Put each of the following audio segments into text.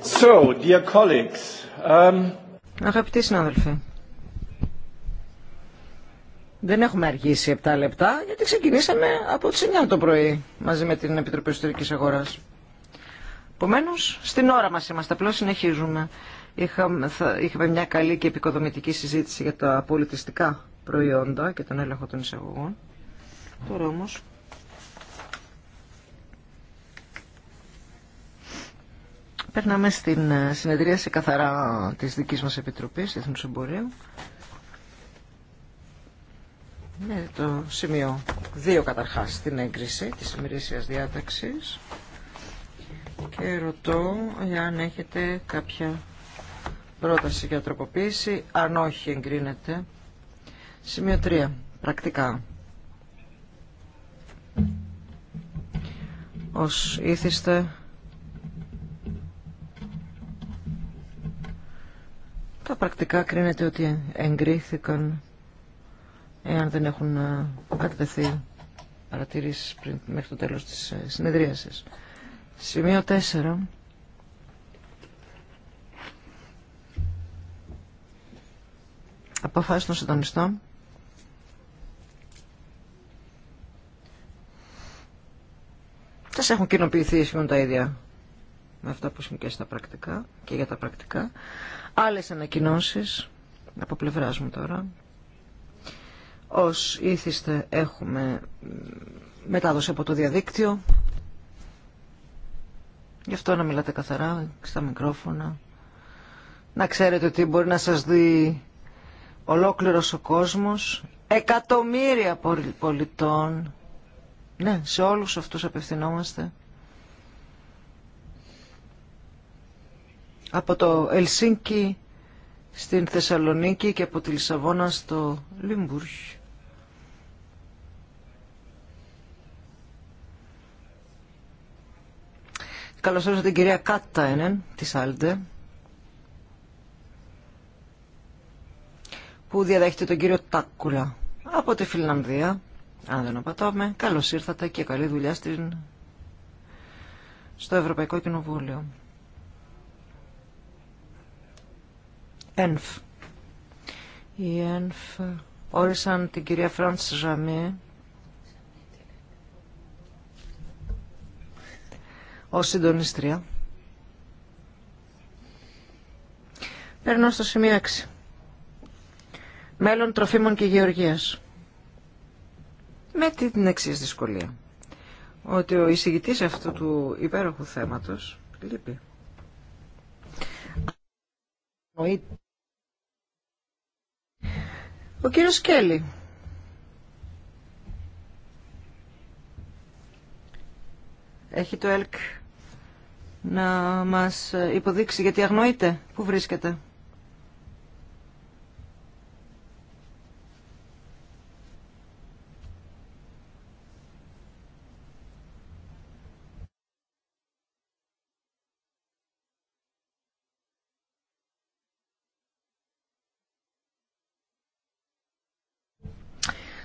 So, dear um, Αγαπητοί συνάδελφοι, δεν έχουμε αργήσει 7 λεπτά γιατί ξεκινήσαμε από τις 9 το πρωί μαζί με την Επιτροπή Ιστορικής Αγοράς. Επομένω, στην ώρα μας είμαστε, απλώς συνεχίζουμε. Είχαμε, θα, είχαμε μια καλή και επικοδομητική συζήτηση για τα πολιτιστικά προϊόντα και τον έλεγχο των εισαγωγών. Τώρα όμως Περνάμε στην ε, συνεδρίαση καθαρά της δικής μας Επιτροπής Εθνούς Εμπορίου. Ναι, το σημείο 2 καταρχάς στην έγκριση της ημερήσιας διάταξης και ρωτώ αν έχετε κάποια πρόταση για τροποποίηση. Αν όχι εγκρίνεται. Σημείο 3. Πρακτικά. Ως ήθιστε Τα πρακτικά κρίνεται ότι εγκρίθηκαν εάν δεν έχουν ε, αντιτεθεί παρατηρήσεις μέχρι το τέλος της ε, συνεδρίασης. Σημείο 4. Αποφάσεις των συντονιστών. Σας έχουν κοινοποιηθεί σχεδόν τα ίδια με αυτά που συμβαίνουν και στα πρακτικά και για τα πρακτικά. Άλλες ανακοινώσεις, από πλευράς μου τώρα. Ως ήθιστε έχουμε μετάδοση από το διαδίκτυο. Γι' αυτό να μιλάτε καθαρά στα μικρόφωνα. Να ξέρετε ότι μπορεί να σας δει ολόκληρος ο κόσμος. Εκατομμύρια πολιτών. Ναι, σε όλους αυτούς απευθυνόμαστε. από το Ελσίνκι στην Θεσσαλονίκη και από τη Λισαβόνα στο Λίμπουργ. Καλώς ήρθατε την κυρία Κάτταενεν της Άλντε που διαδέχεται τον κύριο Τάκουλα από τη Φιλανδία. Αν δεν απατώμε, καλώς ήρθατε και καλή δουλειά στην... στο Ευρωπαϊκό Κοινοβούλιο. ΕΝΦ. Η ΕΝΦ όρισαν την κυρία Φράντς Ζαμί ως συντονίστρια. Παίρνω στο σημείο 6. Μέλλον τροφίμων και γεωργίας. Με την εξή δυσκολία. Ότι ο εισηγητής αυτού του υπέροχου θέματος λείπει. Ο κύριος Κέλλη. Έχει το ΕΛΚ να μας υποδείξει γιατί αγνοείται. Πού βρίσκεται.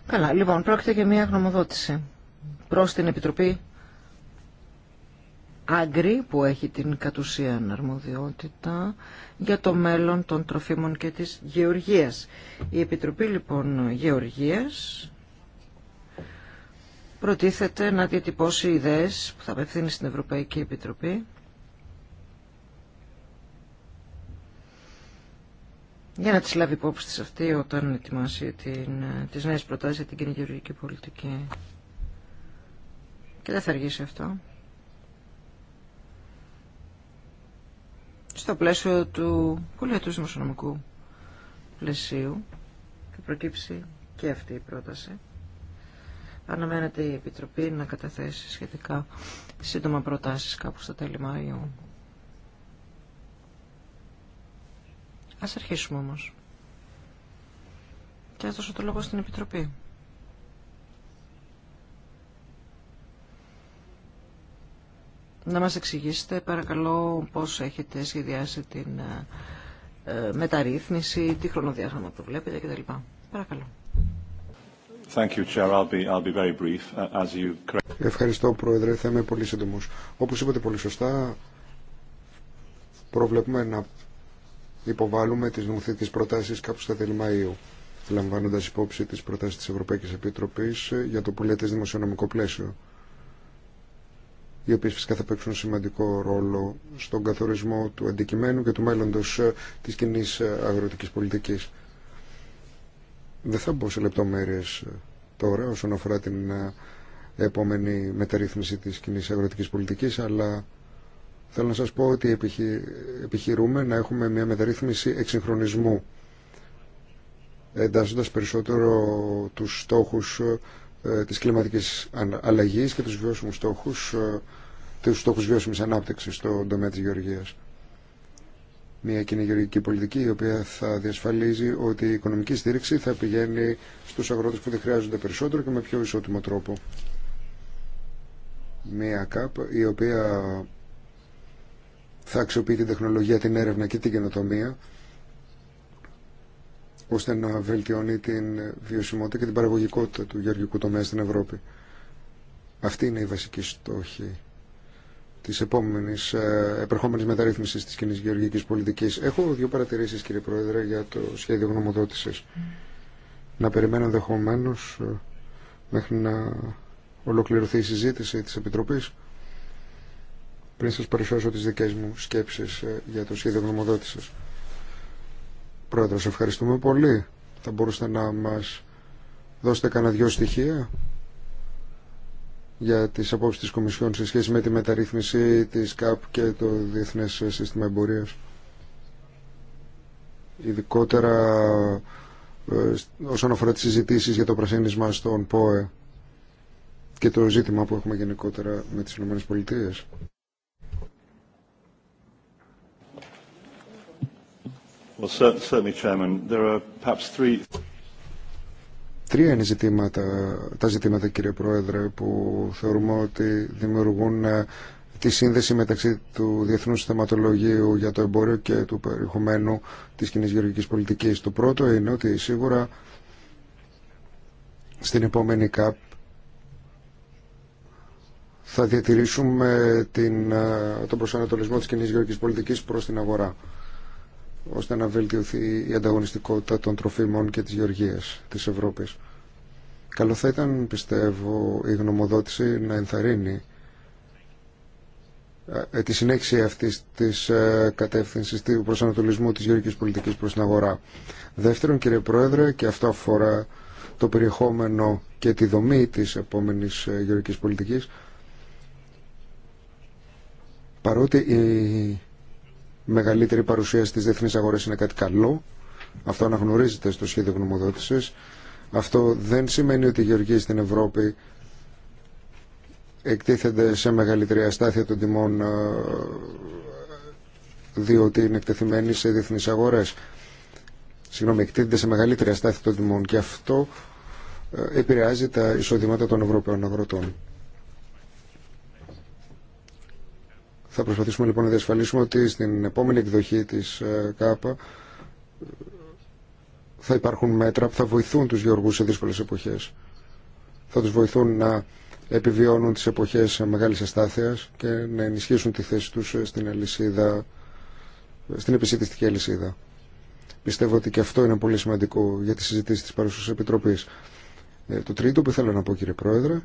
Καλά, λοιπόν, πρόκειται για μια γνωμοδότηση προς την Επιτροπή Άγκρη που έχει την κατουσία αρμοδιότητα για το μέλλον των τροφίμων και της γεωργίας. Η Επιτροπή λοιπόν Γεωργίας προτίθεται να διατυπώσει ιδέες που θα απευθύνει στην Ευρωπαϊκή Επιτροπή για να τις λάβει υπόψη της αυτή όταν ετοιμάσει την, τις νέες προτάσεις για την κοινή πολιτική. Και δεν θα αργήσει αυτό. Στο πλαίσιο του πολιτικού δημοσιονομικού πλαισίου θα προκύψει και αυτή η πρόταση. Αναμένεται η Επιτροπή να καταθέσει σχετικά σύντομα προτάσεις κάπου στο τέλη Μαΐου Ας αρχίσουμε όμως. Και ας δώσω το λόγο στην Επιτροπή. Να μας εξηγήσετε παρακαλώ πώς έχετε σχεδιάσει την ε, ε, μεταρρύθμιση, τι χρονοδιάγραμμα βλέπετε κτλ. Παρακαλώ. Thank you, I'll be, I'll be very brief, uh, as you... Ευχαριστώ, Πρόεδρε. Θα είμαι πολύ σύντομος. Όπως είπατε πολύ σωστά, προβλέπουμε να υποβάλουμε τις νομοθετικές προτάσεις κάπου στα τέλη Μαΐου λαμβάνοντας υπόψη τις προτάσεις της Ευρωπαϊκής Επιτροπής ε, για το πολιετές δημοσιονομικό πλαίσιο οι οποίες φυσικά θα παίξουν σημαντικό ρόλο στον καθορισμό του αντικειμένου και του μέλλοντος ε, της κοινή ε, αγροτικής πολιτικής. Δεν θα μπω σε λεπτομέρειες τώρα όσον αφορά την επόμενη μεταρρύθμιση της κοινή αγροτικής πολιτικής, αλλά Θέλω να σας πω ότι επιχειρούμε να έχουμε μια μεταρρύθμιση εξυγχρονισμού εντάσσοντας περισσότερο τους στόχους ε, της κλιματικής αλλαγής και τους βιώσιμους στόχους ε, τους στόχους βιώσιμης ανάπτυξης στον τομέα της γεωργίας. Μια κοινή γεωργική πολιτική η οποία θα διασφαλίζει ότι η οικονομική στήριξη θα πηγαίνει στους αγρότες που δεν χρειάζονται περισσότερο και με πιο ισότιμο τρόπο. Μια ΚΑΠ η οποία θα αξιοποιεί την τεχνολογία, την έρευνα και την καινοτομία ώστε να βελτιώνει την βιωσιμότητα και την παραγωγικότητα του γεωργικού τομέα στην Ευρώπη. Αυτή είναι η βασική στόχη τη επόμενη ε, επερχόμενη μεταρρύθμιση τη κοινή γεωργική πολιτική. Έχω δύο παρατηρήσει, κύριε Πρόεδρε, για το σχέδιο γνωμοδότηση. Να περιμένω ενδεχομένω ε, μέχρι να ολοκληρωθεί η συζήτηση τη Επιτροπής πριν σας παρουσιάσω τις δικές μου σκέψεις ε, για το σχέδιο γνωμοδότησης. Πρόεδρος, ευχαριστούμε πολύ. Θα μπορούσατε να μας δώσετε κανένα δυο στοιχεία για τις απόψεις της Κομισιόν σε σχέση με τη μεταρρύθμιση της ΚΑΠ και το Διεθνές Σύστημα Εμπορίας. Ειδικότερα ε, όσον αφορά τις συζητήσεις για το πρασίνισμα στον ΠΟΕ και το ζήτημα που έχουμε γενικότερα με τις ΗΠΑ. Τρία είναι ζητήματα, τα ζητήματα, κύριε Πρόεδρε, που θεωρούμε ότι δημιουργούν ε, τη σύνδεση μεταξύ του Διεθνούς Θεματολογίου για το εμπόριο και του περιεχομένου της κοινή γεωργικής πολιτικής. Το πρώτο είναι ότι σίγουρα στην επόμενη ΚΑΠ θα διατηρήσουμε την, ε, τον προσανατολισμό της κοινή γεωργικής πολιτικής προς την αγορά ώστε να βελτιωθεί η ανταγωνιστικότητα των τροφίμων και της γεωργίας της Ευρώπης. Καλό θα ήταν, πιστεύω, η γνωμοδότηση να ενθαρρύνει ε, τη συνέχιση αυτής της ε, κατεύθυνσης του προσανατολισμού της γεωργικής πολιτικής προς την αγορά. Δεύτερον, κύριε Πρόεδρε, και αυτό αφορά το περιεχόμενο και τη δομή της επόμενης ε, γεωργικής πολιτικής, παρότι η μεγαλύτερη παρουσία στις διεθνείς αγορές είναι κάτι καλό. Αυτό αναγνωρίζεται στο σχέδιο γνωμοδότησης. Αυτό δεν σημαίνει ότι η γεωργία στην Ευρώπη εκτίθενται σε μεγαλύτερη αστάθεια των τιμών ε, διότι είναι εκτεθειμένοι σε διεθνείς αγορές. Συγγνώμη, εκτίθενται σε μεγαλύτερη αστάθεια των τιμών και αυτό ε, επηρεάζει τα εισοδήματα των Ευρωπαίων αγροτών. Θα προσπαθήσουμε λοιπόν να διασφαλίσουμε ότι στην επόμενη εκδοχή της ε, ΚΑΠΑ ε, θα υπάρχουν μέτρα που θα βοηθούν τους γεωργούς σε δύσκολες εποχές. Θα τους βοηθούν να επιβιώνουν τις εποχές μεγάλης αστάθειας και να ενισχύσουν τη θέση τους στην αλυσίδα, στην επισήτηστική αλυσίδα. Πιστεύω ότι και αυτό είναι πολύ σημαντικό για τη συζήτηση της παρουσίας Επιτροπής. Ε, το τρίτο που θέλω να πω κύριε Πρόεδρε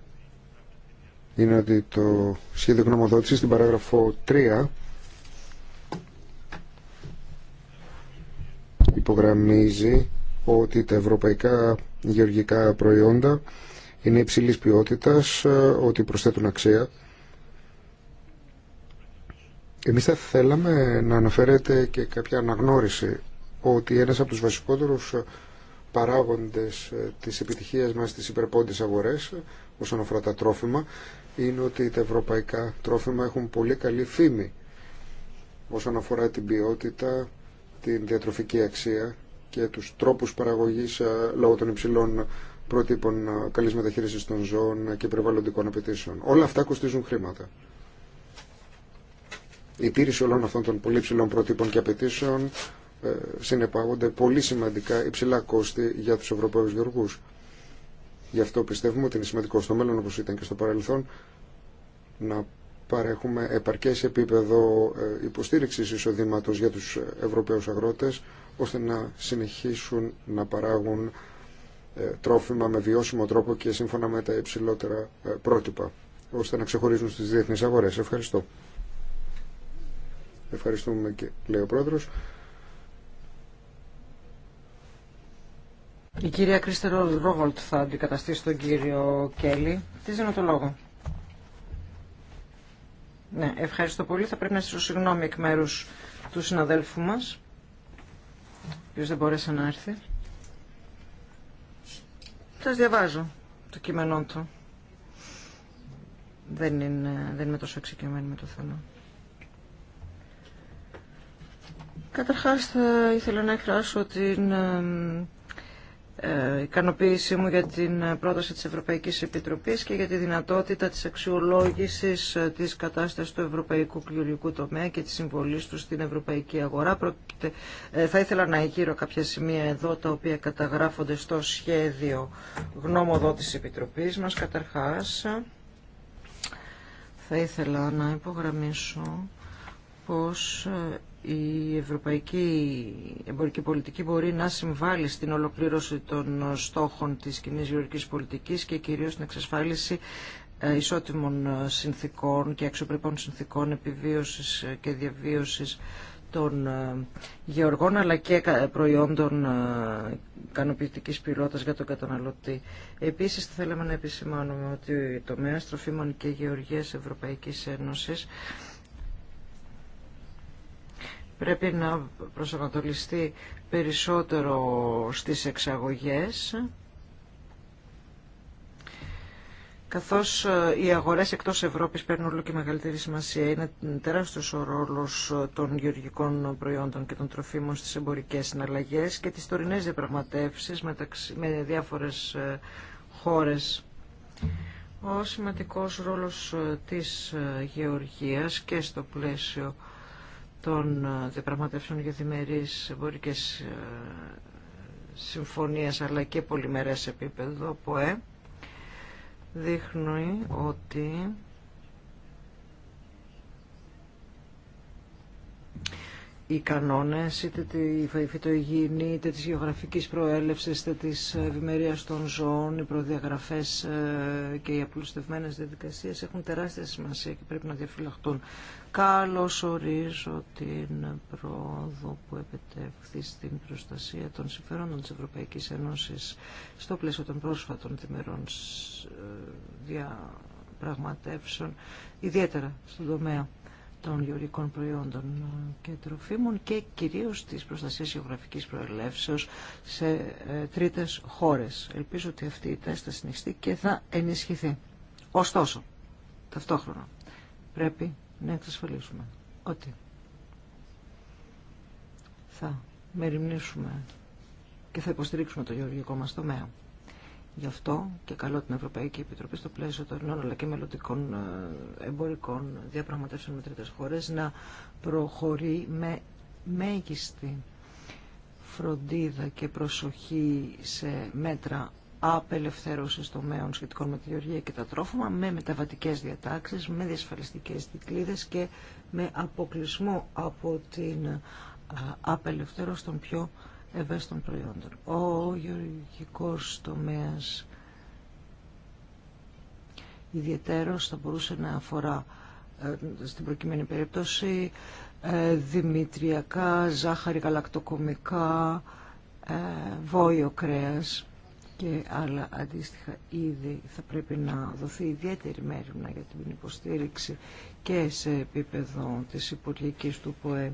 είναι ότι το σχέδιο γνωμοδότησης στην παράγραφο 3 υπογραμμίζει ότι τα ευρωπαϊκά γεωργικά προϊόντα είναι υψηλής ποιότητας, ότι προσθέτουν αξία. Εμείς θα θέλαμε να αναφέρετε και κάποια αναγνώριση ότι ένας από τους βασικότερους παράγοντες της επιτυχίας μας στις υπερπόντες αγορές όσον αφορά τα τρόφιμα είναι ότι τα ευρωπαϊκά τρόφιμα έχουν πολύ καλή φήμη όσον αφορά την ποιότητα, την διατροφική αξία και τους τρόπους παραγωγής ε, λόγω των υψηλών πρότυπων ε, καλής μεταχείρισης των ζώων και περιβαλλοντικών απαιτήσεων. Όλα αυτά κοστίζουν χρήματα. Η τήρηση όλων αυτών των πολύ υψηλών πρότυπων και απαιτήσεων ε, συνεπάγονται πολύ σημαντικά υψηλά κόστη για τους Ευρωπαίους γεωργούς. Γι' αυτό πιστεύουμε ότι είναι σημαντικό στο μέλλον, όπως ήταν και στο παρελθόν, να παρέχουμε επαρκές επίπεδο ε, υποστήριξης εισοδήματος για τους Ευρωπαίους αγρότες, ώστε να συνεχίσουν να παράγουν ε, τρόφιμα με βιώσιμο τρόπο και σύμφωνα με τα υψηλότερα ε, πρότυπα, ώστε να ξεχωρίζουν στις διεθνείς αγορές. Ευχαριστώ. Ευχαριστούμε και λέει ο Πρόεδρος. Η κυρία Κρίστερο Ρόβολτ θα αντικαταστήσει τον κύριο Κέλλη. Τι δίνω το λόγο. Ναι, ευχαριστώ πολύ. Θα πρέπει να σας συγγνώμη εκ μέρου του συναδέλφου μας, ο δεν μπορέσε να έρθει. Σα διαβάζω το κείμενό του. Δεν, είναι, δεν είμαι τόσο εξοικειωμένη με το θέμα. Καταρχάς θα ήθελα να εκφράσω την ε, ικανοποίησή μου για την πρόταση της Ευρωπαϊκής Επιτροπής και για τη δυνατότητα της αξιολόγησης ε, της κατάστασης του ευρωπαϊκού Πληρωτικού τομέα και της συμβολής του στην ευρωπαϊκή αγορά. Ε, θα ήθελα να εγείρω κάποια σημεία εδώ τα οποία καταγράφονται στο σχέδιο γνώμοδο της Επιτροπής μας. Καταρχάς, θα ήθελα να υπογραμμίσω πως η ευρωπαϊκή εμπορική πολιτική μπορεί να συμβάλλει στην ολοκλήρωση των στόχων της κοινή γεωργικής πολιτικής και κυρίως στην εξασφάλιση ε, ισότιμων συνθήκων και αξιοπρεπών συνθήκων επιβίωσης και διαβίωσης των ε, γεωργών αλλά και προϊόντων ε, ικανοποιητικής πυρότητας για τον καταναλωτή. Επίσης θέλαμε να επισημάνουμε ότι το τομέα τροφίμων και γεωργίας Ευρωπαϊκής Ένωσης πρέπει να προσανατολιστεί περισσότερο στις εξαγωγές καθώς ε, οι αγορές εκτός Ευρώπης παίρνουν όλο και μεγαλύτερη σημασία. Είναι τεράστιος ο ρόλος ε, των γεωργικών προϊόντων και των τροφίμων στις εμπορικές συναλλαγές και τις τωρινές διαπραγματεύσεις μεταξύ, με διάφορες ε, χώρες. Ο σημαντικός ρόλος της γεωργίας και στο πλαίσιο των ε, διαπραγματεύσεων για διμερείς εμπορικές ε, συμφωνίες αλλά και πολυμερές επίπεδο, που δείχνει ότι οι κανόνες, είτε τη φυτοϊγιεινή, είτε της γεωγραφικής προέλευσης, είτε της ευημερία των ζώων, οι προδιαγραφές ε, και οι απλουστευμένες διαδικασίες έχουν τεράστια σημασία και πρέπει να διαφυλαχτούν. Καλώς ορίζω την πρόοδο που επετεύχθη στην προστασία των συμφερόντων της Ευρωπαϊκής Ένωσης στο πλαίσιο των πρόσφατων δημερών ε, διαπραγματεύσεων, ιδιαίτερα στον τομέα των γεωργικών προϊόντων ε, και τροφίμων και κυρίως της προστασίας γεωγραφικής προελεύσεως σε ε, τρίτες χώρες. Ελπίζω ότι αυτή η τάση θα συνεχιστεί και θα ενισχυθεί. Ωστόσο, ταυτόχρονα, πρέπει να εξασφαλίσουμε ότι θα μεριμνήσουμε και θα υποστηρίξουμε το γεωργικό μας τομέα. Γι' αυτό και καλό την Ευρωπαϊκή Επιτροπή στο πλαίσιο των ελληνών αλλά και μελλοντικών ε, εμπορικών διαπραγματεύσεων με τρίτες χώρες να προχωρεί με μέγιστη φροντίδα και προσοχή σε μέτρα απελευθέρωσης τομέων σχετικών με τη γεωργία και τα τρόφιμα, με μεταβατικές διατάξεις, με διασφαλιστικές δικλίδες και με αποκλεισμό από την ε, απελευθέρωση των πιο ευαίσθητων προϊόντων. Ο γεωργικός τομέας ιδιαίτερος θα μπορούσε να αφορά ε, στην προκειμένη περίπτωση ε, δημητριακά, ζάχαρη γαλακτοκομικά, ε, βόηο κρέας και άλλα αντίστοιχα είδη θα πρέπει να δοθεί ιδιαίτερη μέρημνα για την υποστήριξη και σε επίπεδο της υπολογική του ΠΟΕ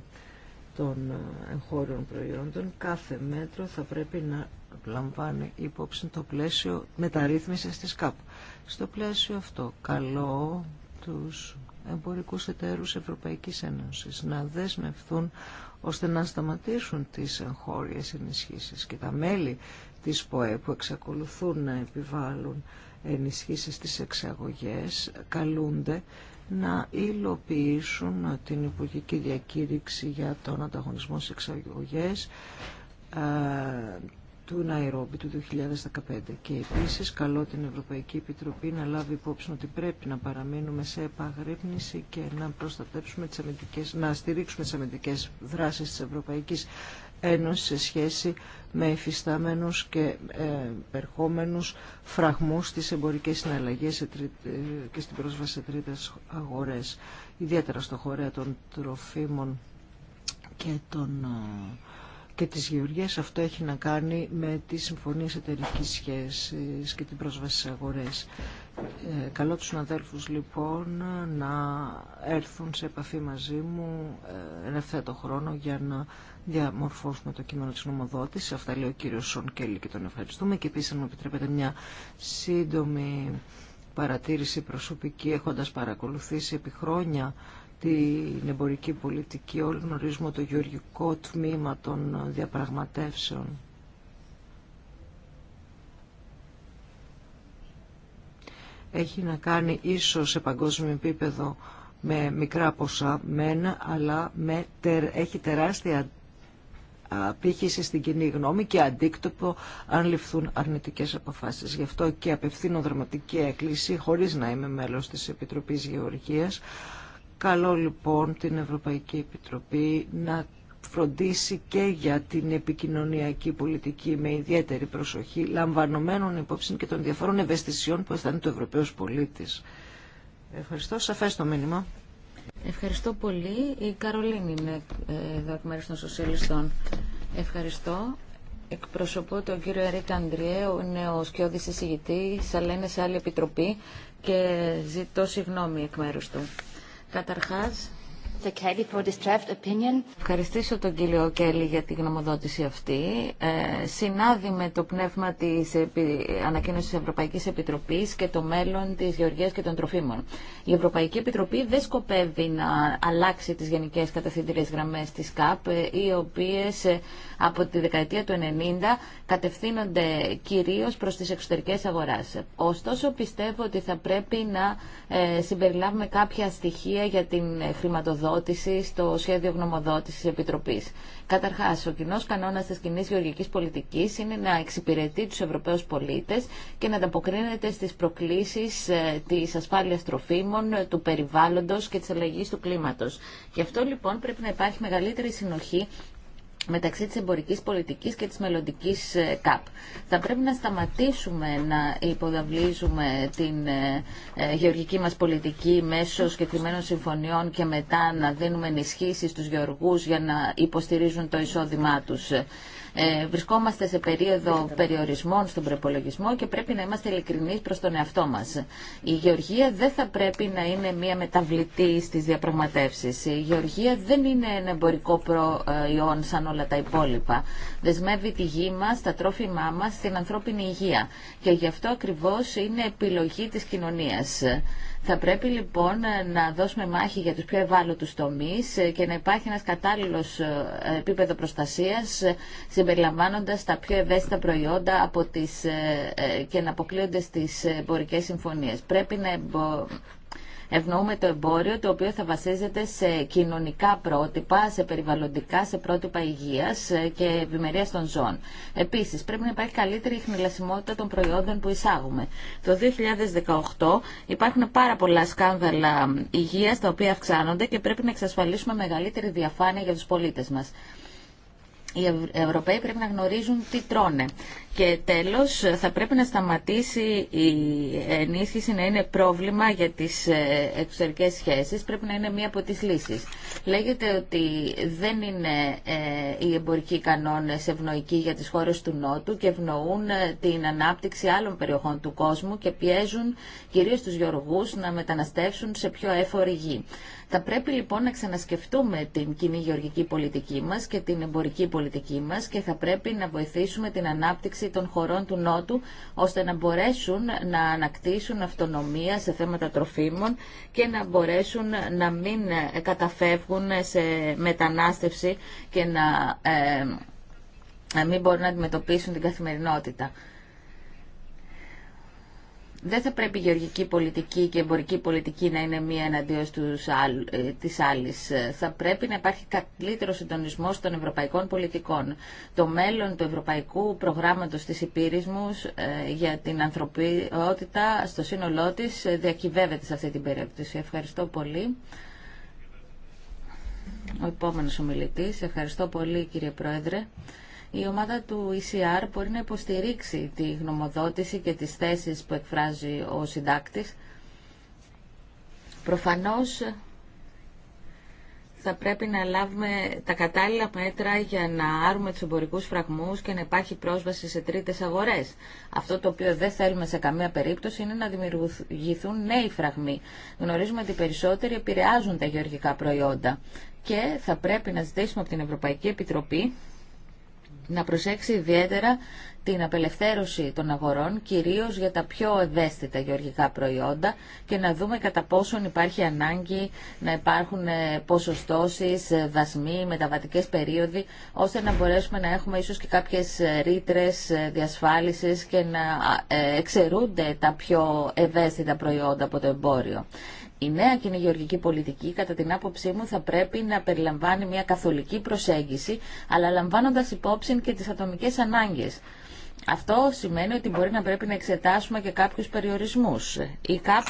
των ε, εγχώριων προϊόντων, κάθε μέτρο θα πρέπει να λαμβάνει υπόψη το πλαίσιο μεταρρύθμισης της ΚΑΠ. Στο πλαίσιο αυτό, καλό τους εμπορικούς εταίρους Ευρωπαϊκής Ένωσης να δεσμευθούν ώστε να σταματήσουν τις εγχώριες ενισχύσεις και τα μέλη της ΠΟΕ που εξακολουθούν να επιβάλλουν ενισχύσεις στις εξαγωγές καλούνται να υλοποιήσουν την υπουργική διακήρυξη για τον ανταγωνισμό σε εξαγωγές ε, του Ναϊρόμπι του 2015 και επίσης καλώ την Ευρωπαϊκή Επιτροπή να λάβει υπόψη ότι πρέπει να παραμείνουμε σε επαγρύπνηση και να προστατέψουμε τις να στηρίξουμε τις αμυντικές δράσεις της Ευρωπαϊκής Ένωση σε σχέση με εφιστάμενους και ε, περχόμενους φραγμούς στις εμπορικές συναλλαγές ε, και στην πρόσβαση σε τρίτες αγορές, ιδιαίτερα στο χωρέα των τροφίμων και, των, ε, και της γεωργίας. Αυτό έχει να κάνει με τη συμφωνία εταιρική σχέσης και την πρόσβαση σε αγορές. Καλώ τους αδέλφους λοιπόν να έρθουν σε επαφή μαζί μου εν ευθέτω χρόνο για να διαμορφώσουμε το κείμενο της νομοδότησης. Αυτά λέει ο κύριος Σον Κέλλη και τον ευχαριστούμε. Και επίσης, αν μου επιτρέπετε, μια σύντομη παρατήρηση προσωπική, έχοντας παρακολουθήσει επί χρόνια την εμπορική πολιτική. Όλοι γνωρίζουμε το γεωργικό τμήμα των διαπραγματεύσεων. Έχει να κάνει ίσως σε παγκόσμιο επίπεδο με μικρά ποσά μεν, αλλά με έχει τεράστια απήχηση στην κοινή γνώμη και αντίκτοπο αν ληφθούν αρνητικές αποφάσεις. Γι' αυτό και απευθύνω δραματική έκκληση χωρίς να είμαι μέλο τη Επιτροπή Γεωργίας. Καλό λοιπόν την Ευρωπαϊκή Επιτροπή να φροντίσει και για την επικοινωνιακή πολιτική με ιδιαίτερη προσοχή, λαμβανομένων υπόψη και των διαφορών ευαισθησιών που αισθάνεται ο Ευρωπαίος πολίτης. Ευχαριστώ. Σαφές το μήνυμα. Ευχαριστώ πολύ. Η Καρολίνη είναι ε, εδώ εκ μέρους των Σοσιαλιστών. Ευχαριστώ. Εκπροσωπώ τον κύριο Ερίκα Αντριέου, είναι ο σκιώδης εισηγητής, αλλά είναι σε άλλη επιτροπή και ζητώ συγγνώμη εκ μέρους του. Καταρχάς, For opinion. Ευχαριστήσω τον κύριο Κέλλη για την γνωμοδότηση αυτή. Ε, συνάδει με το πνεύμα της επι... ανακοίνωσης της Ευρωπαϊκής Επιτροπής και το μέλλον της γεωργίας και των τροφίμων. Η Ευρωπαϊκή Επιτροπή δεν σκοπεύει να αλλάξει τις γενικές κατευθυντήριες γραμμές της ΚΑΠ, ε, οι οποίες ε, από τη δεκαετία του 90 κατευθύνονται κυρίως προς τις εξωτερικές αγοράς. Ωστόσο πιστεύω ότι θα πρέπει να ε, συμπεριλάβουμε κάποια στοιχεία για την χρηματοδότηση στο σχέδιο γνωμοδότησης της Επιτροπής. Καταρχάς, ο κοινός κανόνας της κοινή γεωργικής πολιτικής είναι να εξυπηρετεί τους Ευρωπαίους πολίτες και να ανταποκρίνεται στις προκλήσεις ε, της ασφάλειας τροφίμων, ε, του περιβάλλοντος και της αλλαγής του κλίματος. Γι' αυτό λοιπόν πρέπει να υπάρχει μεγαλύτερη συνοχή μεταξύ της εμπορικής πολιτικής και της μελλοντική ε, ΚΑΠ. Θα πρέπει να σταματήσουμε να υποδαβλίζουμε την ε, ε, γεωργική μας πολιτική μέσω συγκεκριμένων συμφωνιών και μετά να δίνουμε ενισχύσεις στους γεωργούς για να υποστηρίζουν το εισόδημά τους. Ε, βρισκόμαστε σε περίοδο περιορισμών στον προπολογισμό και πρέπει να είμαστε ειλικρινεί προ τον εαυτό μα. Η γεωργία δεν θα πρέπει να είναι μια μεταβλητή στι διαπραγματεύσει. Η γεωργία δεν είναι ένα εμπορικό προϊόν σαν όλα τα υπόλοιπα. Δεσμεύει τη γη μα, τα τρόφιμά μα, την ανθρώπινη υγεία. Και γι' αυτό ακριβώ είναι επιλογή τη κοινωνία. Θα πρέπει λοιπόν να δώσουμε μάχη για τους πιο ευάλωτους τομείς ε, και να υπάρχει ένας κατάλληλος ε, επίπεδο προστασίας ε, συμπεριλαμβάνοντας τα πιο ευαίσθητα προϊόντα από τις, και να αποκλείονται στις εμπορικές συμφωνίες. Πρέπει να Ευνοούμε το εμπόριο το οποίο θα βασίζεται σε κοινωνικά πρότυπα, σε περιβαλλοντικά, σε πρότυπα υγεία ε, και ευημερία των ζώων. Επίση, πρέπει να υπάρχει καλύτερη χνηλασιμότητα των προϊόντων που εισάγουμε. Το 2018 υπάρχουν πάρα πολλά σκάνδαλα υγεία τα οποία αυξάνονται και πρέπει να εξασφαλίσουμε μεγαλύτερη διαφάνεια για του πολίτε μα. Οι Ευρωπαίοι πρέπει να γνωρίζουν τι τρώνε. Και τέλος, θα πρέπει να σταματήσει η ενίσχυση να είναι πρόβλημα για τις ε, εξωτερικές σχέσεις. Πρέπει να είναι μία από τις λύσεις. Λέγεται ότι δεν είναι ε, οι εμπορικοί κανόνες ευνοϊκοί για τις χώρες του Νότου και ευνοούν ε, την ανάπτυξη άλλων περιοχών του κόσμου και πιέζουν κυρίως τους γεωργούς να μεταναστεύσουν σε πιο έφορη γη. Θα πρέπει λοιπόν να ξανασκεφτούμε την κοινή γεωργική πολιτική μας και την εμπορική πολιτική μας και θα πρέπει να βοηθήσουμε την ανάπτυξη των χωρών του Νότου, ώστε να μπορέσουν να ανακτήσουν αυτονομία σε θέματα τροφίμων και να μπορέσουν να μην ε, καταφεύγουν σε μετανάστευση και να ε, ε, μην μπορούν να αντιμετωπίσουν την καθημερινότητα. Δεν θα πρέπει η γεωργική πολιτική και η εμπορική πολιτική να είναι μία εναντίον ε, τη άλλη. Θα πρέπει να υπάρχει καλύτερο συντονισμό των ευρωπαϊκών πολιτικών. Το μέλλον του ευρωπαϊκού προγράμματος της μου ε, για την ανθρωπιότητα στο σύνολό τη, ε, διακυβεύεται σε αυτή την περίπτωση. Ευχαριστώ πολύ. Ο επόμενο ομιλητή. Ευχαριστώ πολύ κύριε Πρόεδρε η ομάδα του ECR μπορεί να υποστηρίξει τη γνωμοδότηση και τις θέσεις που εκφράζει ο συντάκτης. Προφανώς θα πρέπει να λάβουμε τα κατάλληλα μέτρα για να άρουμε τους εμπορικούς φραγμούς και να υπάρχει πρόσβαση σε τρίτες αγορές. Αυτό το οποίο δεν θέλουμε σε καμία περίπτωση είναι να δημιουργηθούν νέοι φραγμοί. Γνωρίζουμε ότι περισσότεροι επηρεάζουν τα γεωργικά προϊόντα και θα πρέπει να ζητήσουμε από την Ευρωπαϊκή Επιτροπή να προσέξει ιδιαίτερα την απελευθέρωση των αγορών, κυρίως για τα πιο ευαίσθητα γεωργικά προϊόντα και να δούμε κατά πόσον υπάρχει ανάγκη να υπάρχουν ε, ποσοστώσεις, ε, δασμοί, μεταβατικές περίοδοι, ώστε να μπορέσουμε να έχουμε ίσως και κάποιες ε, ρήτρε διασφάλισης και να εξαιρούνται τα πιο ευαίσθητα προϊόντα από το εμπόριο. Η νέα κοινή γεωργική πολιτική, κατά την άποψή μου, θα πρέπει να περιλαμβάνει μια καθολική προσέγγιση, αλλά λαμβάνοντας υπόψη και τις ατομικές ανάγκες. Αυτό σημαίνει ότι μπορεί να πρέπει να εξετάσουμε και κάποιους περιορισμούς. Η ΚΑΠ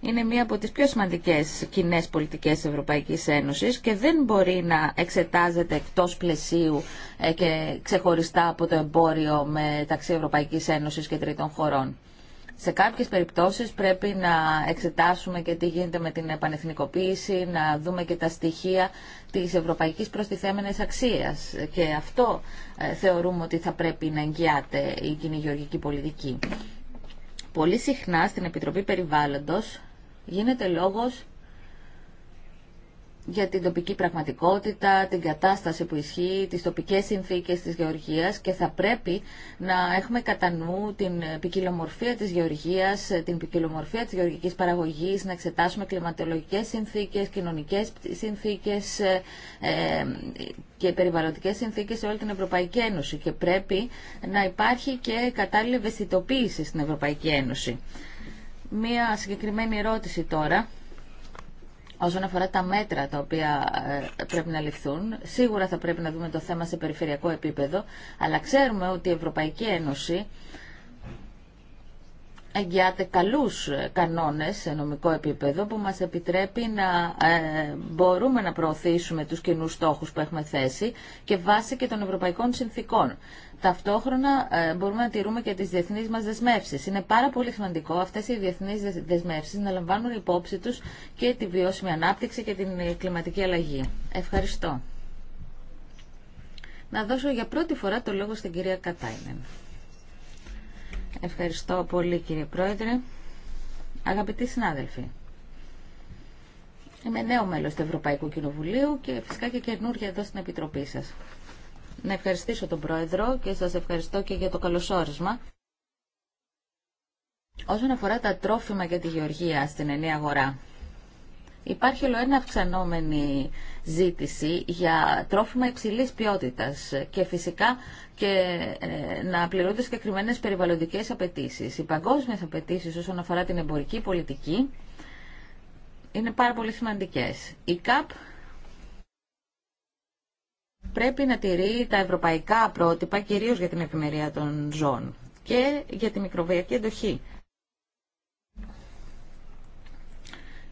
είναι μία από τις πιο σημαντικές κοινέ πολιτικές Ευρωπαϊκής Ένωσης και δεν μπορεί να εξετάζεται εκτός πλαισίου ε, και ξεχωριστά από το εμπόριο μεταξύ Ευρωπαϊκής Ένωσης και τρίτων χωρών σε κάποιες περιπτώσεις πρέπει να εξετάσουμε και τι γίνεται με την επανεθνικοποίηση, να δούμε και τα στοιχεία της ευρωπαϊκής προστιθέμενης αξίας. Και αυτό ε, θεωρούμε ότι θα πρέπει να εγγυάται η κοινή πολιτική. Πολύ συχνά στην Επιτροπή Περιβάλλοντος γίνεται λόγος για την τοπική πραγματικότητα, την κατάσταση που ισχύει, τις τοπικές συνθήκες της γεωργίας και θα πρέπει να έχουμε κατά νου την ποικιλομορφία της γεωργίας, την ποικιλομορφία της γεωργικής παραγωγής, να εξετάσουμε κλιματολογικές συνθήκες, κοινωνικές συνθήκες ε, και περιβαλλοντικές συνθήκες σε όλη την Ευρωπαϊκή Ένωση και πρέπει να υπάρχει και κατάλληλη ευαισθητοποίηση στην Ευρωπαϊκή Ένωση. Μία συγκεκριμένη ερώτηση τώρα όσον αφορά τα μέτρα τα οποία ε, πρέπει να ληφθούν. Σίγουρα θα πρέπει να δούμε το θέμα σε περιφερειακό επίπεδο, αλλά ξέρουμε ότι η Ευρωπαϊκή Ένωση εγγυάται καλούς ε, κανόνες σε νομικό επίπεδο που μας επιτρέπει να ε, μπορούμε να προωθήσουμε τους κοινού στόχους που έχουμε θέσει και βάσει και των ευρωπαϊκών συνθήκων. Ταυτόχρονα ε, μπορούμε να τηρούμε και τις διεθνείς μας δεσμεύσεις. Είναι πάρα πολύ σημαντικό αυτές οι διεθνείς δεσμεύσεις να λαμβάνουν υπόψη τους και τη βιώσιμη ανάπτυξη και την κλιματική αλλαγή. Ευχαριστώ. Να δώσω για πρώτη φορά το λόγο στην κυρία Κατάινεν. Ευχαριστώ πολύ κύριε Πρόεδρε. Αγαπητοί συνάδελφοι, είμαι νέο μέλος του Ευρωπαϊκού Κοινοβουλίου και φυσικά και καινούργια εδώ στην Επιτροπή σας. Να ευχαριστήσω τον Πρόεδρο και σας ευχαριστώ και για το καλωσόρισμα. Όσον αφορά τα τρόφιμα και τη γεωργία στην ενή αγορά, Υπάρχει όλο αυξανόμενη ζήτηση για τρόφιμα υψηλής ποιότητας και φυσικά και ε, να πληρούνται συγκεκριμένε περιβαλλοντικές απαιτήσεις. Οι παγκόσμιες απαιτήσεις όσον αφορά την εμπορική πολιτική είναι πάρα πολύ σημαντικές. Η ΚΑΠ πρέπει να τηρεί τα ευρωπαϊκά πρότυπα κυρίως για την επιμερία των ζώων και για τη μικροβιακή εντοχή.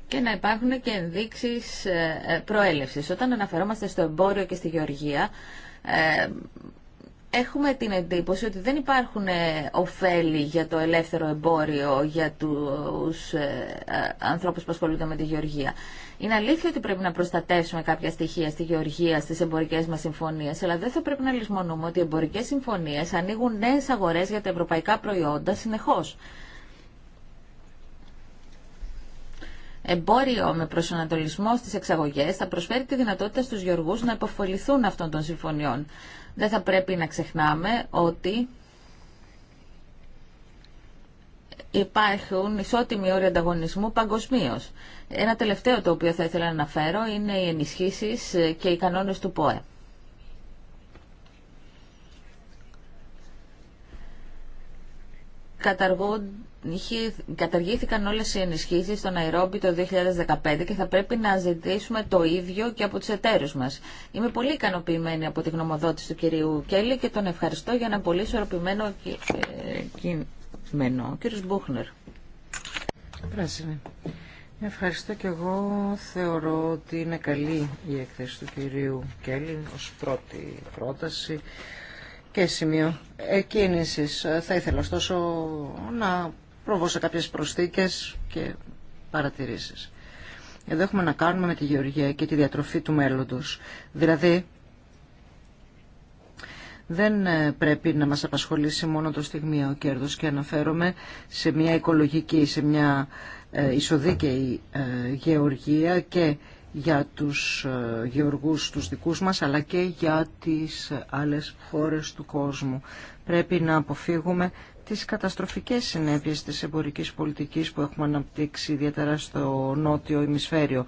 και να υπάρχουν και ενδείξει ε, ε, προέλευση. Όταν αναφερόμαστε στο εμπόριο και στη γεωργία, ε, έχουμε την εντύπωση ότι δεν υπάρχουν ωφέλη για το ελεύθερο εμπόριο για τους ανθρώπους που ασχολούνται με τη γεωργία. Είναι αλήθεια ότι πρέπει να προστατεύσουμε κάποια στοιχεία στη γεωργία, στις εμπορικές μας συμφωνίες, αλλά δεν θα πρέπει να λησμονούμε ότι οι εμπορικές συμφωνίες ανοίγουν νέες αγορές για τα ευρωπαϊκά προϊόντα συνεχώς. εμπόριο με προσανατολισμό στις εξαγωγές θα προσφέρει τη δυνατότητα στους γεωργούς να υποφοληθούν αυτών των συμφωνιών. Δεν θα πρέπει να ξεχνάμε ότι υπάρχουν ισότιμοι όροι ανταγωνισμού παγκοσμίω. Ένα τελευταίο το οποίο θα ήθελα να αναφέρω είναι οι ενισχύσει και οι κανόνες του ΠΟΕ. Καταργούν καταργήθηκαν όλες οι ενισχύσει στον Ναϊρόμπι το 2015 και θα πρέπει να ζητήσουμε το ίδιο και από τους εταίρους μας. Είμαι πολύ ικανοποιημένη από τη γνωμοδότηση του κυρίου Κέλλη και τον ευχαριστώ για ένα πολύ ισορροπημένο ε, κείμενο. κύριος Μπούχνερ. Πράσινη. Ευχαριστώ και εγώ. Θεωρώ ότι είναι καλή η έκθεση του κυρίου Κέλλη ως πρώτη πρόταση και σημείο εκκίνησης. Θα ήθελα ωστόσο να προβώ κάποιες προσθήκες και παρατηρήσεις. Εδώ έχουμε να κάνουμε με τη γεωργία και τη διατροφή του μέλλοντος. Δηλαδή, δεν ε, πρέπει να μας απασχολήσει μόνο το ο κέρδος και αναφέρομαι σε μια οικολογική, σε μια ε, ισοδίκαιη ε, γεωργία και για τους γεωργούς τους δικούς μας αλλά και για τις άλλες χώρες του κόσμου. Πρέπει να αποφύγουμε τις καταστροφικές συνέπειες της εμπορικής πολιτικής που έχουμε αναπτύξει ιδιαίτερα στο νότιο ημισφαίριο.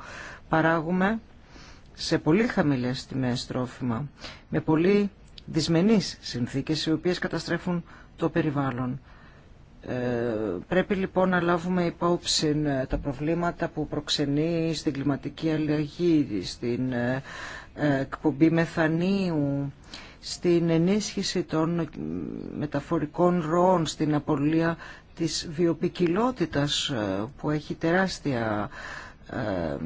Παράγουμε σε πολύ χαμηλές τιμές τρόφιμα, με πολύ δυσμενείς συνθήκες οι οποίες καταστρέφουν το περιβάλλον. Ε, πρέπει λοιπόν να λάβουμε υπόψη ε, τα προβλήματα που προξενεί στην κλιματική αλλαγή, στην ε, ε, εκπομπή μεθανίου, στην ενίσχυση των μεταφορικών ροών, στην απολία της βιοπικιλότητας ε, που έχει τεράστια ε,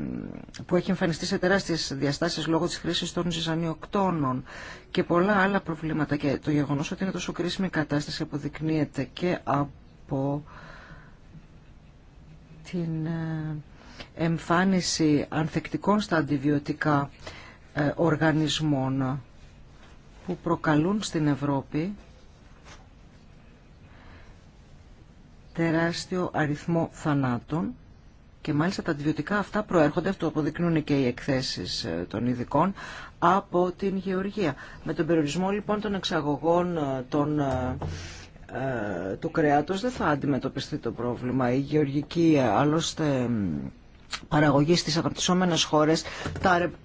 που έχει εμφανιστεί σε τεράστιες διαστάσεις λόγω της χρήσης των ζυζανιοκτώνων και πολλά άλλα προβλήματα και το γεγονός ότι είναι τόσο κρίσιμη κατάσταση αποδεικνύεται και από την ε, εμφάνιση ανθεκτικών στα αντιβιωτικά οργανισμών που προκαλούν στην Ευρώπη τεράστιο αριθμό θανάτων και μάλιστα τα αντιβιωτικά αυτά προέρχονται, αυτό αποδεικνύουν και οι εκθέσεις ε, των ειδικών, από την γεωργία. Με τον περιορισμό λοιπόν των εξαγωγών ε, των, ε, του κρέατος δεν θα αντιμετωπιστεί το πρόβλημα. Η γεωργική άλλωστε παραγωγής στις αναπτυσσόμενες χώρες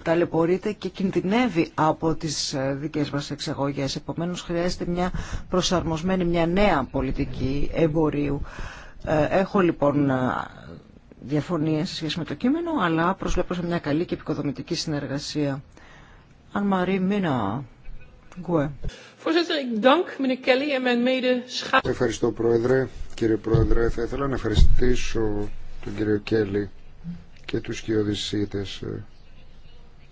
ταλαιπωρείται και κινδυνεύει από τις ε, δικές μας εξαγωγές. Επομένως χρειάζεται μια προσαρμοσμένη, μια νέα πολιτική εμπορίου. Ε, έχω λοιπόν ε, διαφωνίες σε σχέση με το κείμενο, αλλά προσβλέπω σε μια καλή και επικοδομητική συνεργασία. Αν Μαρή Μίνα, Ευχαριστώ Πρόεδρε. Κύριε Πρόεδρε, θα ήθελα να ευχαριστήσω τον κύριο Κέλλη και τους κοιοδησίτες ε,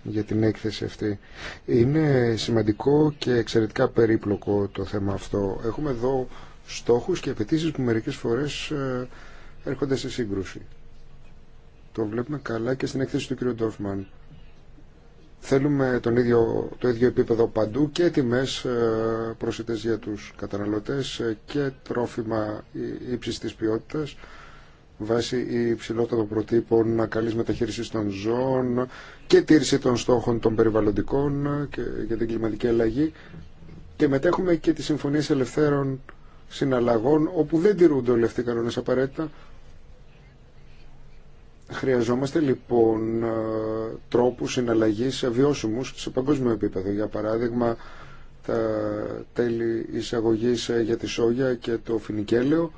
για την έκθεση αυτή. Είναι σημαντικό και εξαιρετικά περίπλοκο το θέμα αυτό. Έχουμε εδώ στόχους και απαιτήσει που μερικές φορές ε, έρχονται σε σύγκρουση. Το βλέπουμε καλά και στην έκθεση του κ. Ντόρφμαν. Θέλουμε τον ίδιο, το ίδιο επίπεδο παντού και τιμές ε, προσιτές για τους καταναλωτές και τρόφιμα ύψης της ποιότητας βάσει υψηλότερων προτύπων καλής μεταχείρισης των ζώων και τήρηση των στόχων των περιβαλλοντικών και για την κλιματική αλλαγή και μετέχουμε και τις συμφωνίες ελευθέρων συναλλαγών όπου δεν τηρούνται όλοι αυτοί οι κανόνες απαραίτητα. Χρειαζόμαστε λοιπόν τρόπους συναλλαγής βιώσιμους σε παγκόσμιο επίπεδο. Για παράδειγμα τα τέλη εισαγωγής για τη σόγια και το φινικέλαιο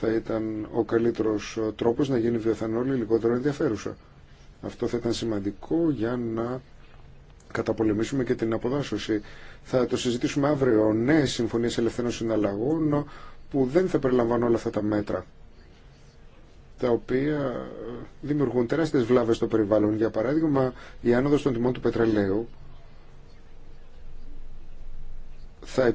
θα ήταν ο καλύτερος τρόπος να γίνει βιοθανόλη λιγότερο ενδιαφέρουσα. Αυτό θα ήταν σημαντικό για να καταπολεμήσουμε και την αποδάσωση. Θα το συζητήσουμε αύριο νέε ναι, συμφωνίε ελευθερών συναλλαγών που δεν θα περιλαμβάνουν όλα αυτά τα μέτρα τα οποία ε, δημιουργούν τεράστιες βλάβες στο περιβάλλον. Για παράδειγμα, η άνοδος των τιμών του πετρελαίου θα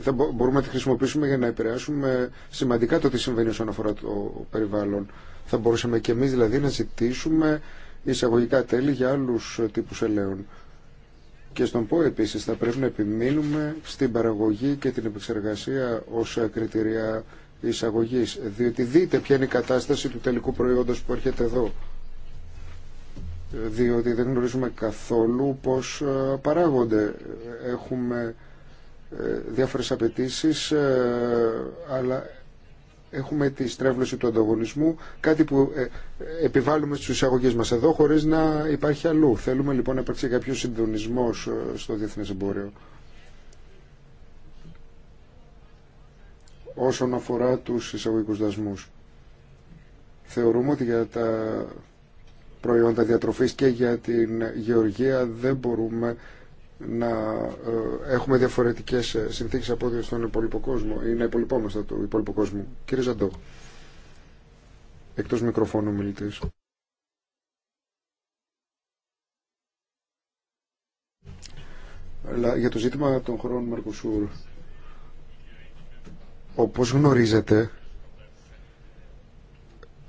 θα μπορούμε να τη χρησιμοποιήσουμε για να επηρεάσουμε σημαντικά το τι συμβαίνει όσον αφορά το περιβάλλον. Θα μπορούσαμε και εμείς δηλαδή να ζητήσουμε εισαγωγικά τέλη για άλλους τύπους ελαίων. Και στον πω επίσης θα πρέπει να επιμείνουμε στην παραγωγή και την επεξεργασία ως κριτηρία εισαγωγής. Διότι δείτε ποια είναι η κατάσταση του τελικού προϊόντος που έρχεται εδώ διότι δεν γνωρίζουμε καθόλου πώς ε, παράγονται. Έχουμε ε, διάφορες απαιτήσει, ε, αλλά έχουμε τη στρέβλωση του ανταγωνισμού, κάτι που επιβάλλουμε στους εισαγωγέ μας εδώ χωρίς να υπάρχει αλλού. Θέλουμε λοιπόν να υπάρξει κάποιο συντονισμός στο διεθνές εμπόριο. όσον αφορά τους εισαγωγικούς δασμούς. Θεωρούμε ότι για τα προϊόντα διατροφής και για την γεωργία δεν μπορούμε να ε, έχουμε διαφορετικές ε, συνθήκες από ό,τι στον υπόλοιπο κόσμο ή να υπολοιπόμαστε το υπόλοιπο κόσμο. Κύριε Ζαντό, εκτός μικροφώνου μιλητής. Αλλά για το ζήτημα των χρόνων Μερκουσούρ, όπως γνωρίζετε,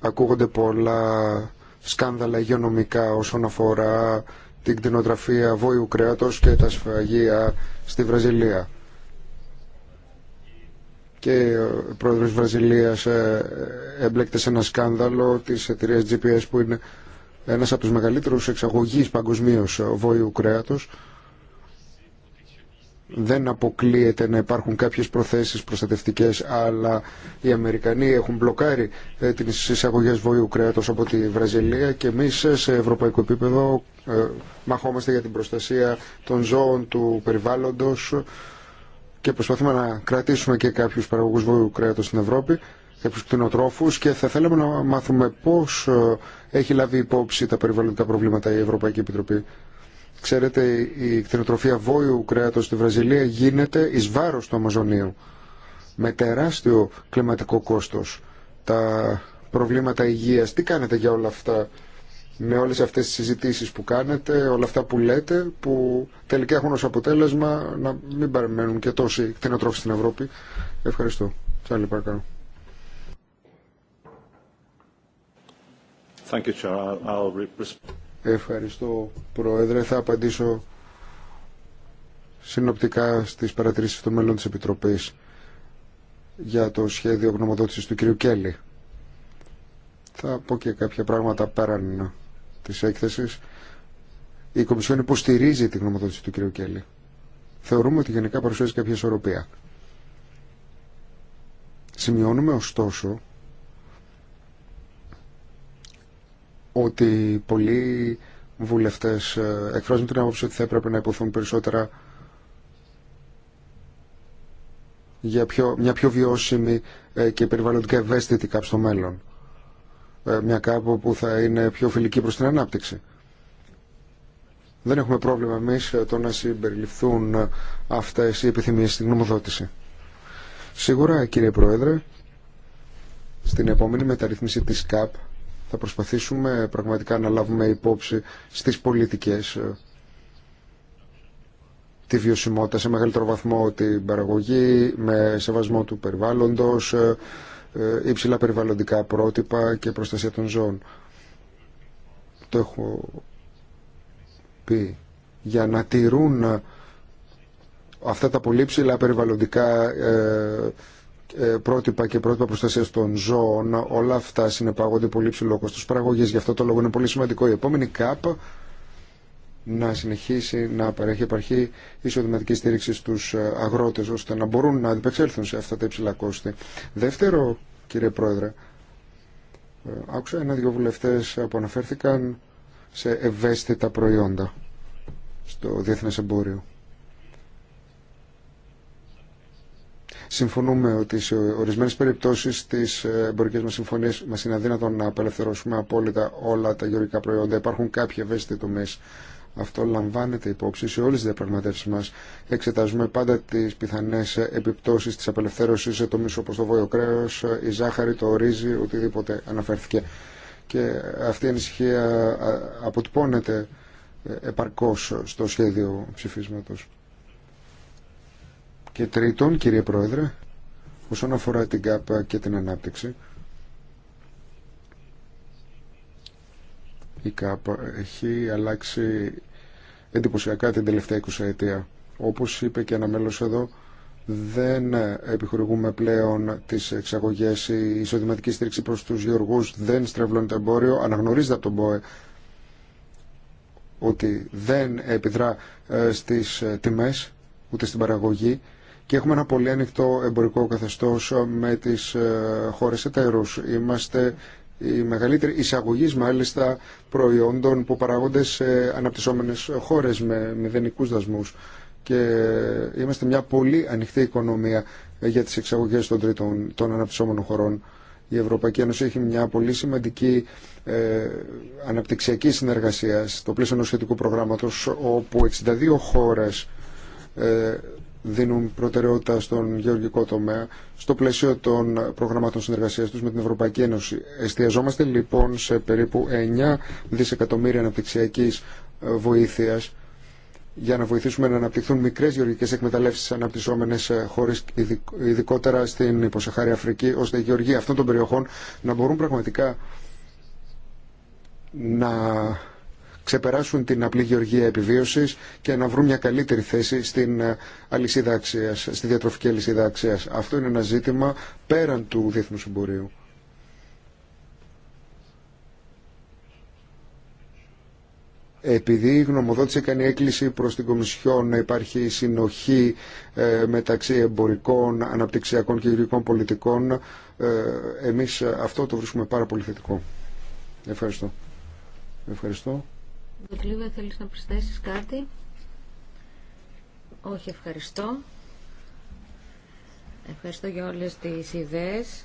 ακούγονται πολλά σκάνδαλα υγειονομικά όσον αφορά την κτηνοτραφία βόηου κρέατος και τα σφαγεία στη Βραζιλία. Και ο πρόεδρος Βραζιλίας έμπλεκτε ε, σε ένα σκάνδαλο της εταιρείας GPS που είναι ένας από τους μεγαλύτερους εξαγωγείς παγκοσμίως ε, βόηου κρέατος δεν αποκλείεται να υπάρχουν κάποιες προθέσεις προστατευτικές αλλά οι Αμερικανοί έχουν μπλοκάρει ε, την εισαγωγή βοήου κρέατος από τη Βραζιλία και εμείς ε, σε ευρωπαϊκό επίπεδο ε, μαχόμαστε για την προστασία των ζώων του περιβάλλοντος και προσπαθούμε να κρατήσουμε και κάποιους παραγωγούς βοήου κρέατος στην Ευρώπη κάποιους κτηνοτρόφους και θα θέλαμε να μάθουμε πώς έχει λάβει υπόψη τα περιβαλλοντικά προβλήματα η Ευρωπαϊκή Επιτροπή Ξέρετε, η κτηνοτροφία βόηου κρέατος στη Βραζιλία γίνεται ει βάρο του Αμαζονίου με τεράστιο κλιματικό κόστος. Τα προβλήματα υγείας, τι κάνετε για όλα αυτά με όλες αυτές τις συζητήσει που κάνετε, όλα αυτά που λέτε, που τελικά έχουν ως αποτέλεσμα να μην παραμένουν και τόσοι κτηνοτρόφοι στην Ευρώπη. Ευχαριστώ. Τσάλι παρακαλώ. Thank you, Ευχαριστώ Πρόεδρε. Θα απαντήσω συνοπτικά στις παρατηρήσεις των μέλων της Επιτροπής για το σχέδιο γνωμοδότησης του κ. Κέλλη. Θα πω και κάποια πράγματα πέραν της έκθεσης. Η Κομισιόν υποστηρίζει τη γνωμοδότηση του κ. Κέλλη. Θεωρούμε ότι γενικά παρουσιάζει κάποια ισορροπία. Σημειώνουμε ωστόσο ότι πολλοί βουλευτές ε, εκφράζουν την άποψη ότι θα έπρεπε να υποθούν περισσότερα για μια πιο βιώσιμη ε, και περιβαλλοντικά ευαίσθητη ΚΑΠ στο μέλλον. Ε, μια κάπου που θα είναι πιο φιλική προς την ανάπτυξη. Δεν έχουμε πρόβλημα εμείς το να συμπεριληφθούν αυτές οι επιθυμίες στην νομοδότηση. Σίγουρα, κύριε Πρόεδρε, στην επόμενη μεταρρύθμιση της ΚΑΠ θα προσπαθήσουμε πραγματικά να λάβουμε υπόψη στις πολιτικές ε, τη βιωσιμότητα σε μεγαλύτερο βαθμό την παραγωγή με σεβασμό του περιβάλλοντος, ε, ε, υψηλά περιβαλλοντικά πρότυπα και προστασία των ζώων. Το έχω πει. Για να τηρούν αυτά τα πολύ ψηλά περιβαλλοντικά ε, πρότυπα και πρότυπα προστασία των ζώων, όλα αυτά συνεπάγονται πολύ ψηλό κόστο παραγωγή. Γι' αυτό το λόγο είναι πολύ σημαντικό η επόμενη ΚΑΠ να συνεχίσει να παρέχει επαρχή ισοδηματική στήριξη στους ε, αγρότες ώστε να μπορούν να αντιπεξέλθουν σε αυτά τα υψηλά κόστη. Δεύτερο, κύριε Πρόεδρε, ε, άκουσα ένα-δυο βουλευτέ που αναφέρθηκαν σε ευαίσθητα προϊόντα στο διεθνέ εμπόριο. Συμφωνούμε ότι σε ορισμένε περιπτώσει τι εμπορικέ μα συμφωνίε μα είναι αδύνατο να απελευθερώσουμε απόλυτα όλα τα γεωργικά προϊόντα. Υπάρχουν κάποιοι ευαίσθητοι τομεί. Αυτό λαμβάνεται υπόψη σε όλε τι διαπραγματεύσει μα. Εξετάζουμε πάντα τι πιθανέ επιπτώσει τη απελευθέρωση σε τομεί όπω το βόλιο κρέο, η ζάχαρη, το Ορίζει οτιδήποτε αναφέρθηκε. Και αυτή η ανησυχία αποτυπώνεται ε, επαρκώς στο σχέδιο ψηφίσματος. Και τρίτον, κύριε Πρόεδρε, όσον αφορά την ΚΑΠΑ και την ανάπτυξη, η ΚΑΠΑ έχει αλλάξει εντυπωσιακά την τελευταία 20 αιτία. Όπως είπε και ένα μέλος εδώ, δεν επιχορηγούμε πλέον τις εξαγωγές, η εισοδηματική στήριξη προς τους γεωργούς δεν στρεβλώνει το εμπόριο, αναγνωρίζεται από τον ΠΟΕ ότι δεν επιδρά ε, στις ε, τιμές ούτε στην παραγωγή και έχουμε ένα πολύ ανοιχτό εμπορικό καθεστώς με τις ε, χώρες εταίρους. Είμαστε η μεγαλύτερη εισαγωγή μάλιστα προϊόντων που παράγονται σε αναπτυσσόμενες χώρες με μηδενικούς δασμούς και είμαστε μια πολύ ανοιχτή οικονομία για τις εξαγωγές των τρίτων των αναπτυσσόμενων χωρών. Η Ευρωπαϊκή Ένωση έχει μια πολύ σημαντική ε, αναπτυξιακή συνεργασία στο πλαίσιο ενός σχετικού προγράμματος όπου 62 χώρες ε, δίνουν προτεραιότητα στον γεωργικό τομέα στο πλαίσιο των προγραμμάτων συνεργασίας τους με την Ευρωπαϊκή Ένωση. Εστιαζόμαστε λοιπόν σε περίπου 9 δισεκατομμύρια αναπτυξιακής ε, βοήθειας για να βοηθήσουμε να αναπτυχθούν μικρές γεωργικές εκμεταλλεύσεις αναπτυσσόμενες ε, χώρες ειδικότερα στην υποσαχάρη Αφρική ώστε οι γεωργοί αυτών των περιοχών να μπορούν πραγματικά να ξεπεράσουν την απλή γεωργία επιβίωσης και να βρουν μια καλύτερη θέση στην ε, αλυσίδα στη διατροφική αλυσίδα αξίας. Αυτό είναι ένα ζήτημα πέραν του διεθνούς εμπορίου. επειδή η γνωμοδότηση έκανε έκκληση προς την Κομισιόν να υπάρχει συνοχή ε, μεταξύ εμπορικών, αναπτυξιακών και γεωργικών πολιτικών, ε, εμείς αυτό το βρίσκουμε πάρα πολύ θετικό. Ευχαριστώ. Ευχαριστώ. Δοκλίβα, θέλεις να προσθέσεις κάτι. Όχι, ευχαριστώ. Ευχαριστώ για όλες τις ιδέες.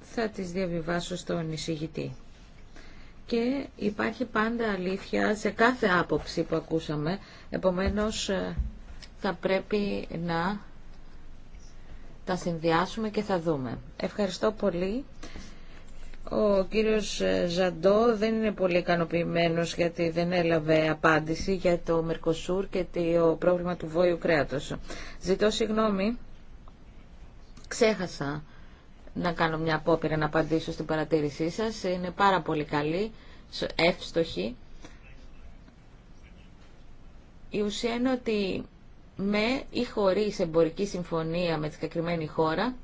Θα τις διαβιβάσω στον εισηγητή. Και υπάρχει πάντα αλήθεια σε κάθε άποψη που ακούσαμε. Επομένως, ε, θα πρέπει να τα συνδυάσουμε και θα δούμε. Ευχαριστώ πολύ. Ο κύριος ε, Ζαντό δεν είναι πολύ ικανοποιημένο γιατί δεν έλαβε απάντηση για το Μερκοσούρ και το πρόβλημα του βόλου κρέατος. Ζητώ συγγνώμη, ξέχασα να κάνω μια απόπειρα να απαντήσω στην παρατήρησή σας. Είναι πάρα πολύ καλή, εύστοχη. Η ουσία είναι ότι με ή χωρίς εμπορική συμφωνία με τη συγκεκριμένη χώρα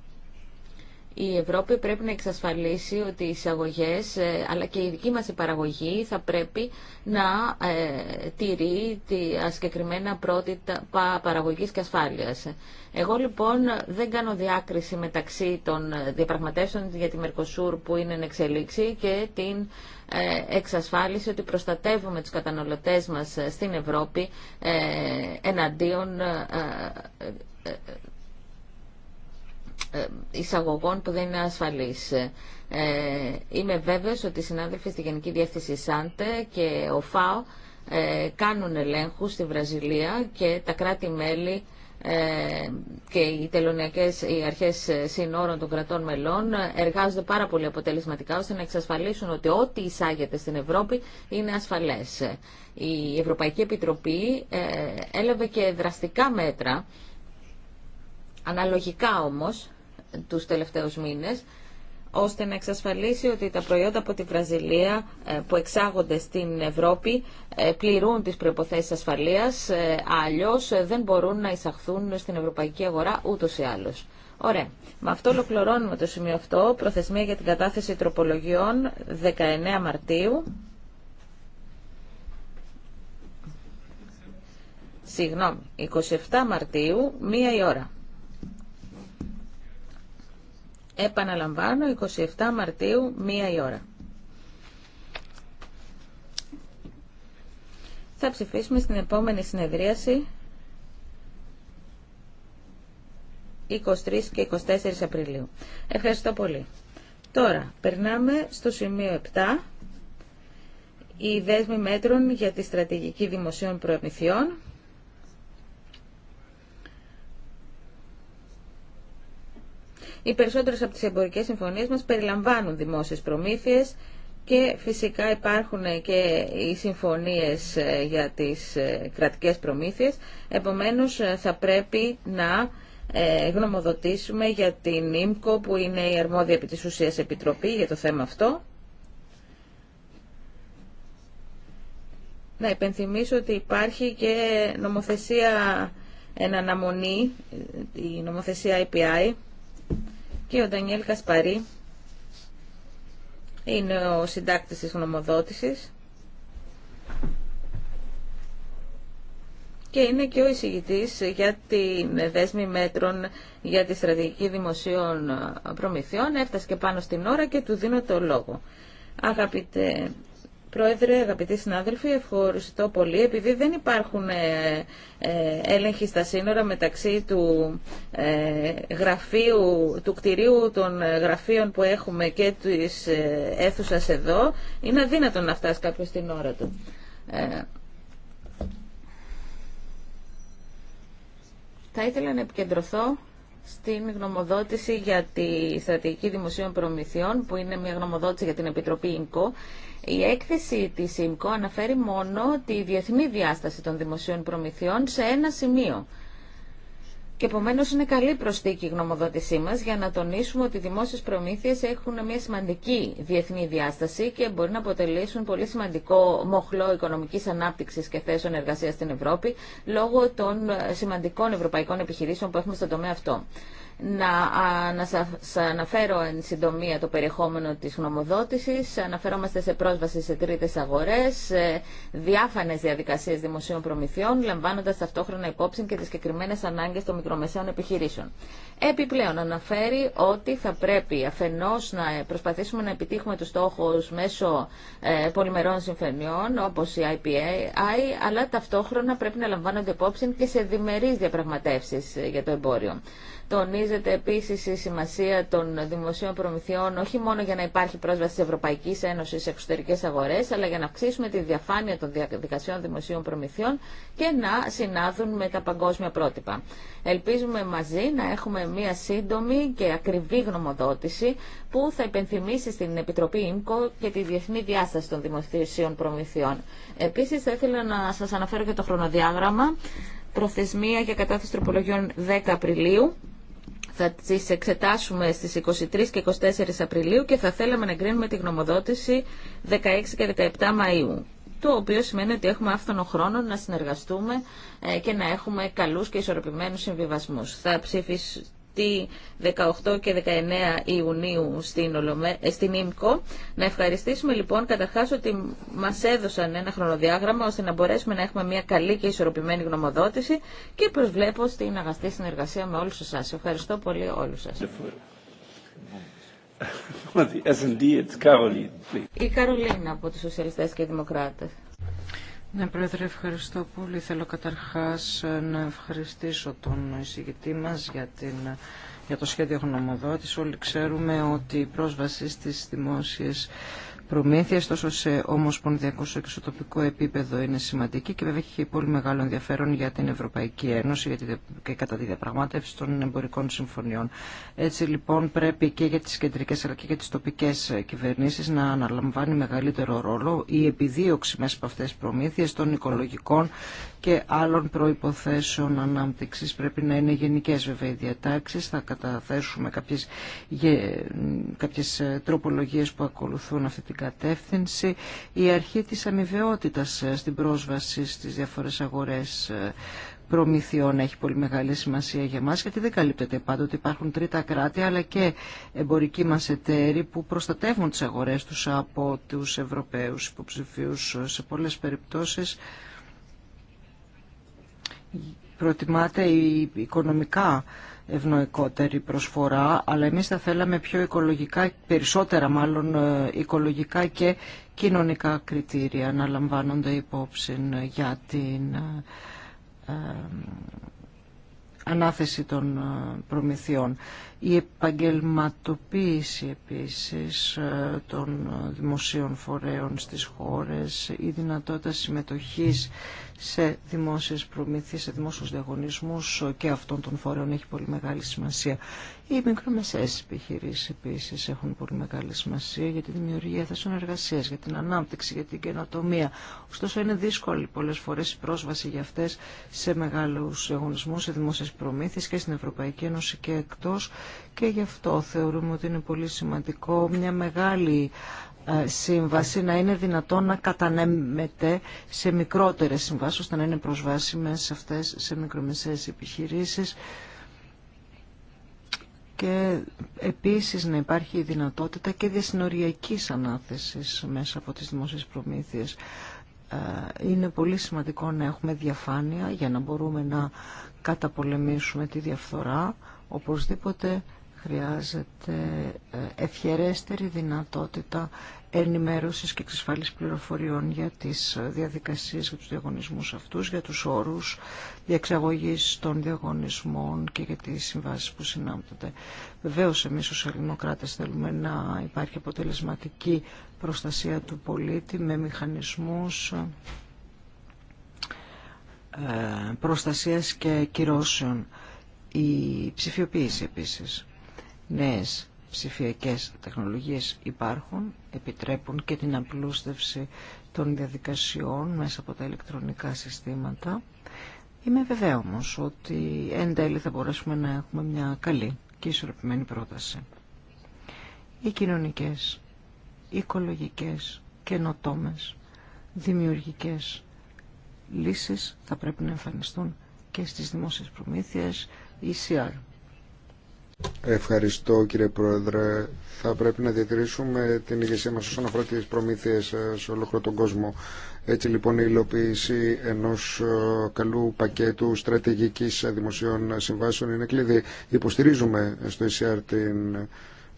η Ευρώπη πρέπει να εξασφαλίσει ότι οι εισαγωγές ε, αλλά και η δική μας παραγωγή θα πρέπει να ε, τηρεί τη συγκεκριμένα πρότυπα παραγωγής και ασφάλειας. Εγώ λοιπόν δεν κάνω διάκριση μεταξύ των ε, διαπραγματεύσεων για τη Μερκοσούρ που είναι εν εξελίξη και την εξασφάλιση ότι προστατεύουμε τους καταναλωτές μας στην Ευρώπη εναντίον ε, εισαγωγών που δεν είναι ασφαλείς. Ε, είμαι βέβαιος ότι οι συνάδελφοι στη Γενική Διεύθυνση ΣΑΝΤΕ και ο ΦΑΟ ε, κάνουν ελέγχους στη Βραζιλία και τα κράτη-μέλη και οι τελωνιακές οι αρχές συνόρων των κρατών μελών εργάζονται πάρα πολύ αποτελεσματικά ώστε να εξασφαλίσουν ότι ό,τι εισάγεται στην Ευρώπη είναι ασφαλές. Η Ευρωπαϊκή Επιτροπή έλαβε και δραστικά μέτρα, αναλογικά όμως, τους τελευταίους μήνες ώστε να εξασφαλίσει ότι τα προϊόντα από τη Βραζιλία ε, που εξάγονται στην Ευρώπη ε, πληρούν τις προϋποθέσεις ασφαλείας, ε, αλλιώς δεν μπορούν να εισαχθούν στην ευρωπαϊκή αγορά ούτως ή άλλως. Ωραία. Με αυτό ολοκληρώνουμε το σημείο αυτό. Προθεσμία για την κατάθεση τροπολογιών 19 Μαρτίου. Συγγνώμη, 27 Μαρτίου, μία η ώρα. Επαναλαμβάνω, 27 Μαρτίου, 1 η ώρα. Θα ψηφίσουμε στην επόμενη συνεδρίαση 23 και 24 Απριλίου. Ευχαριστώ πολύ. Τώρα, περνάμε στο σημείο 7, οι δέσμοι μέτρων για τη στρατηγική δημοσίων προμηθειών. Οι περισσότερες από τις εμπορικές συμφωνίες μας περιλαμβάνουν δημόσιες προμήθειες και φυσικά υπάρχουν και οι συμφωνίες ε, για τις ε, κρατικές προμήθειες. Επομένως ε, θα πρέπει να γνωμοδοτήσουμε για την ΙΜΚΟ που είναι η αρμόδια επί της επιτροπή για το θέμα αυτό. Να υπενθυμίσω ότι υπάρχει και νομοθεσία εν αναμονή, η νομοθεσία IPI, και ο Ντανιέλ Κασπαρή είναι ο συντάκτης της γνωμοδότησης και είναι και ο εισηγητής για την δέσμη μέτρων για τη στρατηγική δημοσίων προμηθειών. Έφτασε και πάνω στην ώρα και του δίνω το λόγο. Αγαπητέ Πρόεδρε, αγαπητοί συνάδελφοι, ευχαριστώ πολύ. Επειδή δεν υπάρχουν ε, ε, έλεγχοι στα σύνορα μεταξύ του ε, γραφείου, του κτηρίου των γραφείων που έχουμε και της αίθουσα εδώ, είναι αδύνατο να φτάσει κάποιος την ώρα του. Θα ήθελα να επικεντρωθώ στην γνωμοδότηση για τη στρατηγική δημοσίων προμηθειών, που είναι μια γνωμοδότηση για την Επιτροπή ΙΜΚΟ. Η έκθεση της ΙΜΚΟ αναφέρει μόνο τη διεθνή διάσταση των δημοσίων προμηθειών σε ένα σημείο. Και επομένω είναι καλή προσθήκη η γνωμοδότησή μα για να τονίσουμε ότι οι δημόσιε προμήθειε έχουν μια σημαντική διεθνή διάσταση και μπορεί να αποτελέσουν πολύ σημαντικό μοχλό οικονομική ανάπτυξη και θέσεων εργασία στην Ευρώπη λόγω των σημαντικών ευρωπαϊκών επιχειρήσεων που έχουμε στον τομέα αυτό. Να, να σας αναφέρω εν συντομία το περιεχόμενο της γνωμοδότησης. Αναφερόμαστε σε πρόσβαση σε τρίτες αγορές, σε διάφανες διαδικασίες δημοσίων προμηθειών, λαμβάνοντας ταυτόχρονα υπόψη και τις συγκεκριμένε ανάγκες των μικρομεσαίων επιχειρήσεων. Επιπλέον αναφέρει ότι θα πρέπει αφενός να προσπαθήσουμε να επιτύχουμε τους στόχους μέσω ε, πολυμερών συμφωνιών όπως η IPA, αλλά ταυτόχρονα πρέπει να λαμβάνονται υπόψη και σε διμερείς διαπραγματεύσεις ε, για το εμπόριο τονίζεται επίση η σημασία των δημοσίων προμηθειών όχι μόνο για να υπάρχει πρόσβαση τη Ευρωπαϊκή Ένωση σε εξωτερικέ αγορέ, αλλά για να αυξήσουμε τη διαφάνεια των διαδικασιών δημοσίων προμηθειών και να συνάδουν με τα παγκόσμια πρότυπα. Ελπίζουμε μαζί να έχουμε μία σύντομη και ακριβή γνωμοδότηση που θα υπενθυμίσει στην Επιτροπή ΙΜΚΟ και τη διεθνή διάσταση των δημοσίων προμηθειών. Επίση, θα ήθελα να σα αναφέρω και το χρονοδιάγραμμα προθεσμία για κατάθεση τροπολογιών 10 Απριλίου. Θα τις εξετάσουμε στις 23 και 24 Απριλίου και θα θέλαμε να εγκρίνουμε τη γνωμοδότηση 16 και 17 Μαΐου το οποίο σημαίνει ότι έχουμε άφθονο χρόνο να συνεργαστούμε ε, και να έχουμε καλούς και ισορροπημένους συμβιβασμούς. Θα τη 18 και 19 Ιουνίου στην, Ολομέ... Ε, στην ΙΜΚΟ. Να ευχαριστήσουμε λοιπόν καταρχάς ότι μας έδωσαν ένα χρονοδιάγραμμα ώστε να μπορέσουμε να έχουμε μια καλή και ισορροπημένη γνωμοδότηση και προσβλέπω στην αγαστή συνεργασία με όλους εσάς. Ευχαριστώ πολύ όλους σας. Η Καρολίνα από τους Σοσιαλιστές και Δημοκράτες. Ναι, Πρόεδρε, ευχαριστώ πολύ. Θέλω καταρχάς να ευχαριστήσω τον εισηγητή μας για, για το σχέδιο γνωμοδότης. Όλοι ξέρουμε ότι η πρόσβαση στις δημόσιες προμήθεια, τόσο σε ομοσπονδιακό όσο και στο τοπικό επίπεδο είναι σημαντική και βέβαια έχει πολύ μεγάλο ενδιαφέρον για την Ευρωπαϊκή Ένωση και κατά τη διαπραγμάτευση των εμπορικών συμφωνιών. Έτσι λοιπόν πρέπει και για τι κεντρικέ, αλλά και για τις τοπικές κυβερνήσεις να αναλαμβάνει μεγαλύτερο ρόλο η επιδίωξη μέσα από αυτέ τι προμήθειε των οικολογικών και άλλων προϋποθέσεων ανάπτυξης. Πρέπει να είναι γενικές βέβαια οι διατάξεις. Θα καταθέσουμε κάποιες, κάποιες ε, τροπολογίες που ακολουθούν αυτή την κατεύθυνση. Η αρχή της αμοιβαιότητας ε, στην πρόσβαση στις διάφορες αγορές ε, προμηθειών έχει πολύ μεγάλη σημασία για μας γιατί δεν καλύπτεται πάντοτε υπάρχουν τρίτα κράτη αλλά και εμπορικοί μας εταίροι που προστατεύουν τις αγορές τους από τους Ευρωπαίους υποψηφίους σε πολλές περιπτώσεις προτιμάται η οικονομικά ευνοϊκότερη προσφορά, αλλά εμείς θα θέλαμε πιο οικολογικά, περισσότερα μάλλον ε, οικολογικά και κοινωνικά κριτήρια να λαμβάνονται υπόψη για την ε, ε, ανάθεση των προμηθειών. Η επαγγελματοποίηση επίσης ε, των δημοσίων φορέων στις χώρες, η δυνατότητα συμμετοχής σε δημόσιες προμήθειες, σε δημόσιους διαγωνισμούς και αυτών των φορέων έχει πολύ μεγάλη σημασία. Οι μικρομεσαίες επιχειρήσεις επίσης έχουν πολύ μεγάλη σημασία για τη δημιουργία θέσεων εργασία, για την ανάπτυξη, για την καινοτομία. Ωστόσο είναι δύσκολη πολλές φορές η πρόσβαση για αυτές σε μεγάλους διαγωνισμούς, σε δημόσιες προμήθειες και στην Ευρωπαϊκή Ένωση και εκτός και γι' αυτό θεωρούμε ότι είναι πολύ σημαντικό μια μεγάλη ε, σύμβαση να είναι δυνατόν να κατανέμεται σε μικρότερες συμβάσεις ώστε να είναι προσβάσιμες σε αυτές σε μικρομεσαίες επιχειρήσεις και επίσης να υπάρχει η δυνατότητα και διασυνοριακής ανάθεσης μέσα από τις δημόσιες προμήθειες. Ε, είναι πολύ σημαντικό να έχουμε διαφάνεια για να μπορούμε να καταπολεμήσουμε τη διαφθορά. Οπωσδήποτε Χρειάζεται ε, ευχερέστερη δυνατότητα ενημέρωσης και εξασφάλισης πληροφοριών για τις ε, διαδικασίες και τους διαγωνισμούς αυτούς, για τους όρους διεξαγωγής των διαγωνισμών και για τις συμβάσεις που συνάπτονται. Βεβαίως εμείς ως ελληνοκράτες θέλουμε να υπάρχει αποτελεσματική προστασία του πολίτη με μηχανισμούς ε, προστασίας και κυρώσεων. Η ψηφιοποίηση επίσης νέες ψηφιακές τεχνολογίες υπάρχουν, επιτρέπουν και την απλούστευση των διαδικασιών μέσα από τα ηλεκτρονικά συστήματα. Είμαι βέβαια όμω ότι εν τέλει θα μπορέσουμε να έχουμε μια καλή και ισορροπημένη πρόταση. Οι κοινωνικές, οικολογικές, καινοτόμες, δημιουργικές λύσεις θα πρέπει να εμφανιστούν και στις δημόσιες προμήθειες ECR. Ευχαριστώ κύριε Πρόεδρε. Θα πρέπει να διατηρήσουμε την ηγεσία μας όσον αφορά τις προμήθειες ε, σε ολόκληρο τον κόσμο. Έτσι λοιπόν η υλοποίηση ενός ε, καλού πακέτου στρατηγικής δημοσίων συμβάσεων είναι κλειδί. Υποστηρίζουμε στο ECR την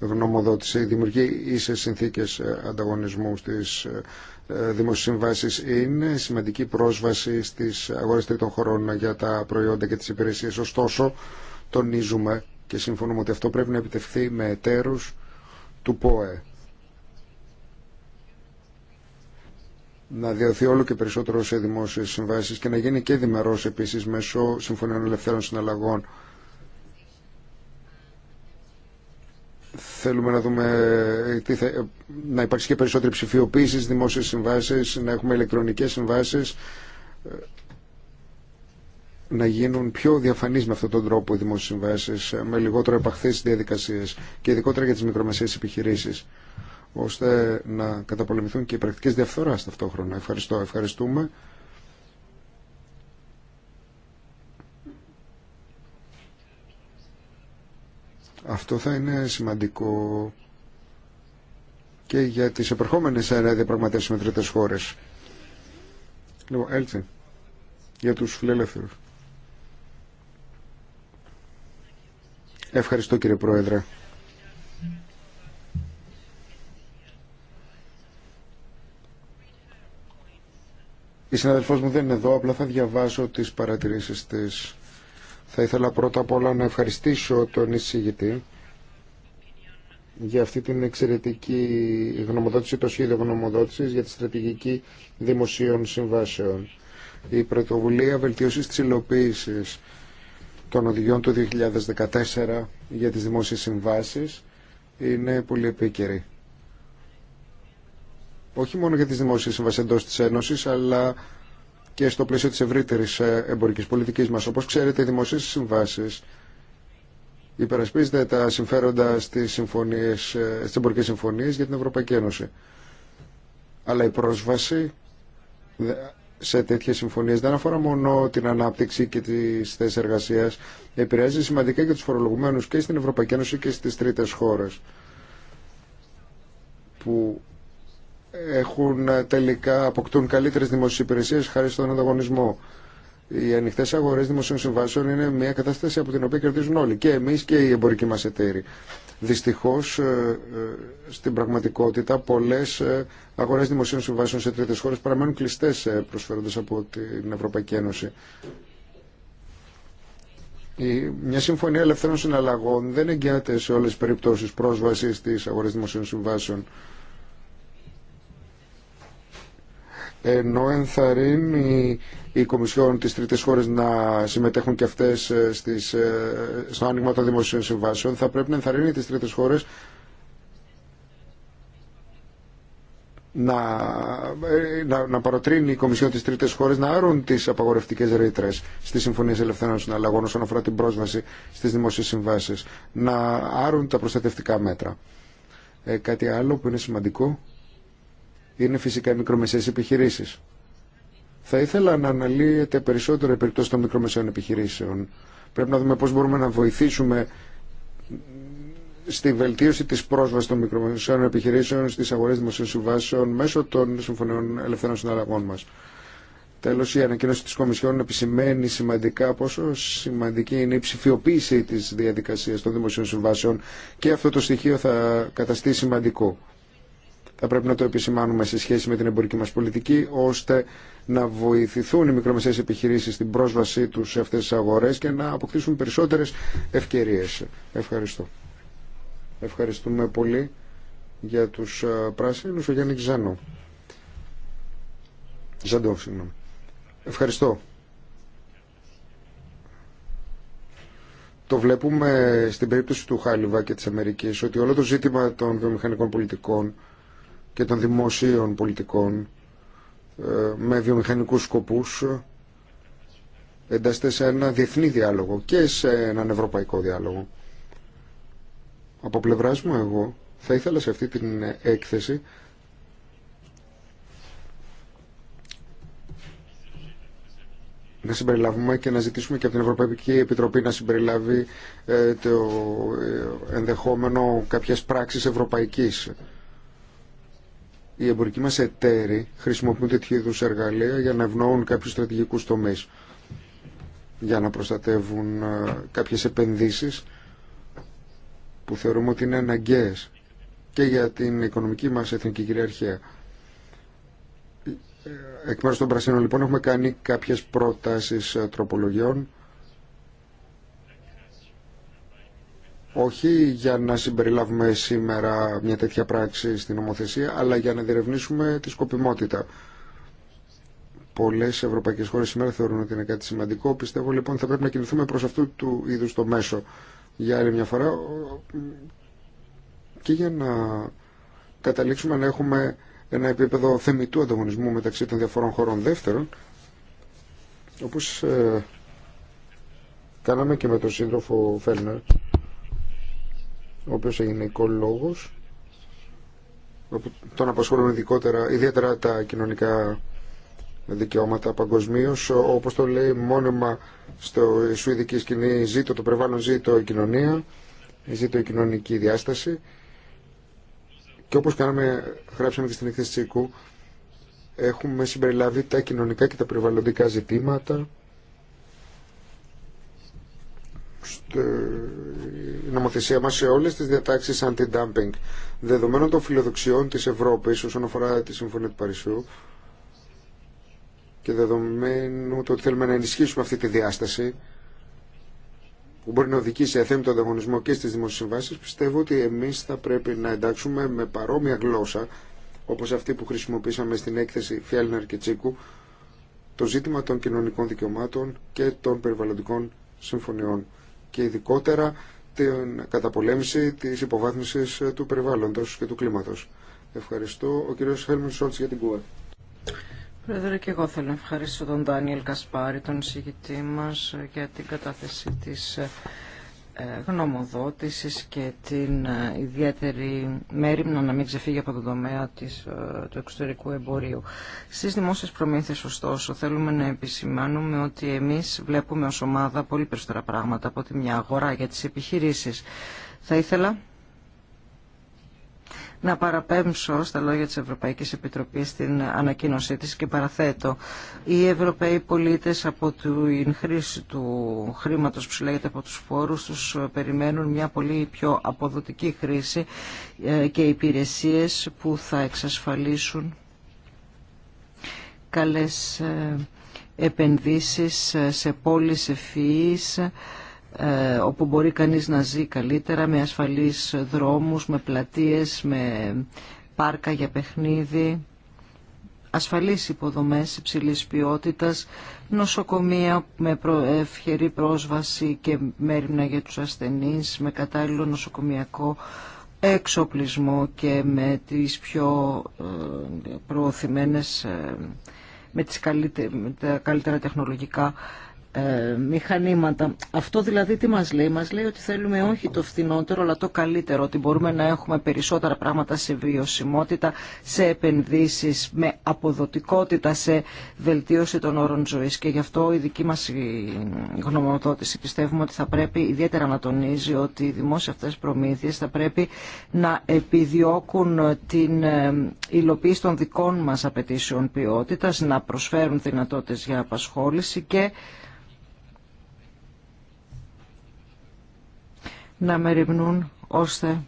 γνωμοδότηση, δημιουργεί ίσες συνθήκες ε, ανταγωνισμού στις δημόσιες συμβάσεις. Είναι σημαντική πρόσβαση στις αγορές τρίτων χωρών για τα προϊόντα και τις υπηρεσίες. Ωστόσο, τονίζουμε και συμφωνούμε ότι αυτό πρέπει να επιτευχθεί με εταίρους του ΠΟΕ. να διωθεί όλο και περισσότερο σε δημόσιε συμβάσει και να γίνει και διμερό επίση μέσω συμφωνιών ελευθέρων συναλλαγών. Θέλουμε να δούμε ε, τι ε, να υπάρξει και περισσότερη ψηφιοποίηση στι δημόσιε συμβάσει, να έχουμε ηλεκτρονικέ συμβάσει ε, να γίνουν πιο διαφανείς με αυτόν τον τρόπο οι δημόσιες συμβάσεις, ε, με λιγότερο επαχθείς διαδικασίες και ειδικότερα για τις μικρομεσαίες επιχειρήσεις, ώστε να καταπολεμηθούν και οι πρακτικές διαφθοράς ταυτόχρονα. Ευχαριστώ, ευχαριστούμε. Αυτό θα είναι σημαντικό και για τις επερχόμενες ε, διαπραγματεύσεις με τρίτες χώρες. Λοιπόν, έτσι, για τους φιλελεύθερους. Ευχαριστώ κύριε Πρόεδρε. Η συναδελφός μου δεν είναι εδώ, απλά θα διαβάσω τις παρατηρήσεις της. Θα ήθελα πρώτα απ' όλα να ευχαριστήσω τον εισηγητή για αυτή την εξαιρετική γνωμοδότηση, το σχέδιο γνωμοδότησης για τη στρατηγική δημοσίων συμβάσεων. Η πρωτοβουλία βελτίωσης της υλοποίησης των οδηγιών του 2014 για τις δημόσιες συμβάσεις είναι πολύ επίκαιρη. Όχι μόνο για τις δημόσιες συμβάσεις εντός της Ένωσης, αλλά και στο πλαίσιο της ευρύτερης ε, εμπορικής πολιτικής μας. Όπως ξέρετε, οι δημόσιες συμβάσεις υπερασπίζεται τα συμφέροντα στις, συμφωνίες, ε, στις εμπορικές συμφωνίες για την Ευρωπαϊκή Ένωση. Αλλά η πρόσβαση σε τέτοιες συμφωνίες δεν αφορά μόνο την ανάπτυξη και τις θέσεις εργασίας, επηρεάζει σημαντικά και τους φορολογουμένους και στην Ευρωπαϊκή Ένωση και στις τρίτες χώρες που έχουν τελικά αποκτούν καλύτερες δημόσιες υπηρεσίες χάρη στον ανταγωνισμό. Οι ανοιχτέ αγορέ δημοσίων συμβάσεων είναι μια κατάσταση από την οποία κερδίζουν όλοι και εμεί και οι εμπορικοί μα εταίροι. Δυστυχώς ε, ε, στην πραγματικότητα πολλές ε, αγορές δημοσίων συμβάσεων σε τρίτες χώρες παραμένουν κλειστές προσφέροντας από την Ευρωπαϊκή Ένωση. Η, μια συμφωνία ελευθέρων συναλλαγών δεν εγγυάται σε όλες τις περιπτώσεις πρόσβαση στις αγορές δημοσίων συμβάσεων. ενώ ενθαρρύνει η Κομισιόν τις τρίτες χώρες να συμμετέχουν και αυτές ε, στις, ε, στο άνοιγμα των δημοσίων συμβάσεων, θα πρέπει να ενθαρρύνει τις τρίτες χώρες να, ε, να, να παροτρύνει η Κομισιόν τις τρίτες χώρες να άρουν τις απαγορευτικές ρήτρε στις συμφωνίες ελευθερών συναλλαγών όσον αφορά την πρόσβαση στις δημοσίες συμβάσεις, να άρουν τα προστατευτικά μέτρα. Ε, κάτι άλλο που είναι σημαντικό είναι φυσικά οι μικρομεσαίες επιχειρήσεις. Θα ήθελα να αναλύεται περισσότερο η περίπτωση των μικρομεσαίων επιχειρήσεων. Πρέπει να δούμε πώς μπορούμε να βοηθήσουμε στη βελτίωση της πρόσβασης των μικρομεσαίων επιχειρήσεων στις αγορές δημοσίων συμβάσεων μέσω των συμφωνιών ελευθερών συναλλαγών μας. Τέλος, η ανακοίνωση της Κομισιόν επισημαίνει σημαντικά πόσο σημαντική είναι η ψηφιοποίηση της διαδικασίας των δημοσίων συμβάσεων και αυτό το στοιχείο θα καταστεί σημαντικό. Θα πρέπει να το επισημάνουμε σε σχέση με την εμπορική μας πολιτική, ώστε να βοηθηθούν οι μικρομεσαίες επιχειρήσεις στην πρόσβασή τους σε αυτές τις αγορές και να αποκτήσουν περισσότερες ευκαιρίες. Ευχαριστώ. Ευχαριστούμε πολύ για τους ε, πράσινους, ο Γιάννη συγγνώμη. Ευχαριστώ. Το βλέπουμε στην περίπτωση του Χάλιβα και της Αμερικής ότι όλο το ζήτημα των βιομηχανικών πολιτικών και των δημοσίων πολιτικών ε, με βιομηχανικούς σκοπούς εντάσσεται σε ένα διεθνή διάλογο και σε έναν ευρωπαϊκό διάλογο. Από πλευρά μου εγώ θα ήθελα σε αυτή την έκθεση να συμπεριλάβουμε και να ζητήσουμε και από την Ευρωπαϊκή Επιτροπή να συμπεριλάβει ε, το ε, ενδεχόμενο κάποιες πράξεις ευρωπαϊκής οι εμπορικοί μα εταίροι χρησιμοποιούν τέτοιου είδου εργαλεία για να ευνοούν κάποιους στρατηγικού τομείς, για να προστατεύουν ε, κάποιες επενδύσεις που θεωρούμε ότι είναι αναγκαίε και για την οικονομική μας εθνική κυριαρχία. Ε, εκ μέρου των Πρασίνων λοιπόν έχουμε κάνει κάποιες προτάσεις ε, τροπολογιών όχι για να συμπεριλάβουμε σήμερα μια τέτοια πράξη στην νομοθεσία, αλλά για να διερευνήσουμε τη σκοπιμότητα. Πολλές ευρωπαϊκές χώρες σήμερα θεωρούν ότι είναι κάτι σημαντικό. Πιστεύω λοιπόν θα πρέπει να κινηθούμε προς αυτού του είδου το μέσο για άλλη μια φορά και για να καταλήξουμε να έχουμε ένα επίπεδο θεμητού ανταγωνισμού μεταξύ των διαφορών χωρών. δεύτερων, όπως ε, κάναμε και με τον σύντροφο Φέλνερ, ο οποίος έγινε λόγο, τον απασχολούν ειδικότερα, ιδιαίτερα τα κοινωνικά δικαιώματα παγκοσμίω. Όπως το λέει μόνιμα στο σουηδική σκηνή ζήτω το περιβάλλον, ζήτω η κοινωνία, ζήτω η κοινωνική διάσταση. Και όπως κάναμε, γράψαμε και στην εκθέση Τσίκου, έχουμε συμπεριλάβει τα κοινωνικά και τα περιβαλλοντικά ζητήματα η νομοθεσία μας σε όλες τις διατάξεις anti-dumping. Δεδομένων των φιλοδοξιών της Ευρώπης όσον αφορά τη Συμφωνία του Παρισιού και δεδομένου το ότι θέλουμε να ενισχύσουμε αυτή τη διάσταση που μπορεί να οδηγήσει σε αθέμητο ανταγωνισμό και στις δημόσιες συμβάσει, πιστεύω ότι εμείς θα πρέπει να εντάξουμε με παρόμοια γλώσσα, όπως αυτή που χρησιμοποίησαμε στην έκθεση Φιάλινα και Τσίκου, το ζήτημα των κοινωνικών δικαιωμάτων και των περιβαλλοντικών συμφωνιών και ειδικότερα την καταπολέμηση της υποβάθμισης του περιβάλλοντος και του κλίματος. Ευχαριστώ. Ο κύριος Χέλμιν Σόλτς για την ΚΟΕ. Πρόεδρε, και εγώ θέλω να ευχαριστώ τον Ντάνιελ Κασπάρη, τον εισηγητή μας, για την κατάθεση της ε, γνωμοδότησης και την ε, ιδιαίτερη μέρημνα να μην ξεφύγει από τον τομέα της, ε, του εξωτερικού εμπορίου. Στις δημόσιες προμήθειες, ωστόσο, θέλουμε να επισημάνουμε ότι εμείς βλέπουμε ως ομάδα πολύ περισσότερα πράγματα από τη μια αγορά για τις επιχειρήσεις. Θα ήθελα να παραπέμψω στα λόγια της Ευρωπαϊκής Επιτροπής στην ανακοίνωσή της και παραθέτω. Οι Ευρωπαίοι πολίτες από την χρήση του χρήματος που συλλέγεται από τους φόρους τους περιμένουν μια πολύ πιο αποδοτική χρήση ε, και υπηρεσίες που θα εξασφαλίσουν καλές ε, επενδύσεις ε, σε πόλεις ευφυείς, ε, όπου μπορεί κανείς να ζει καλύτερα με ασφαλείς δρόμους, με πλατείες, με πάρκα για παιχνίδι, ασφαλείς υποδομές υψηλής ποιότητας, νοσοκομεία με ε, ευχερή πρόσβαση και μέρημνα για τους ασθενείς, με κατάλληλο νοσοκομιακό εξοπλισμό και με τις πιο ε, προωθημένες, με, τις με τα καλύτερα τεχνολογικά ε, Αυτό δηλαδή τι μας λέει. Μας λέει ότι θέλουμε όχι το φθηνότερο αλλά το καλύτερο. Ότι μπορούμε να έχουμε περισσότερα πράγματα σε βιωσιμότητα, σε επενδύσεις, με αποδοτικότητα, σε βελτίωση των όρων ζωής. Και γι' αυτό η δική μας γνωμοδότηση πιστεύουμε ότι θα πρέπει ιδιαίτερα να τονίζει ότι οι δημόσια αυτές προμήθειες θα πρέπει να επιδιώκουν την ε, υλοποίηση των δικών μας απαιτήσεων ποιότητας, να προσφέρουν δυνατότητες για απασχόληση και να μεριμνούν ώστε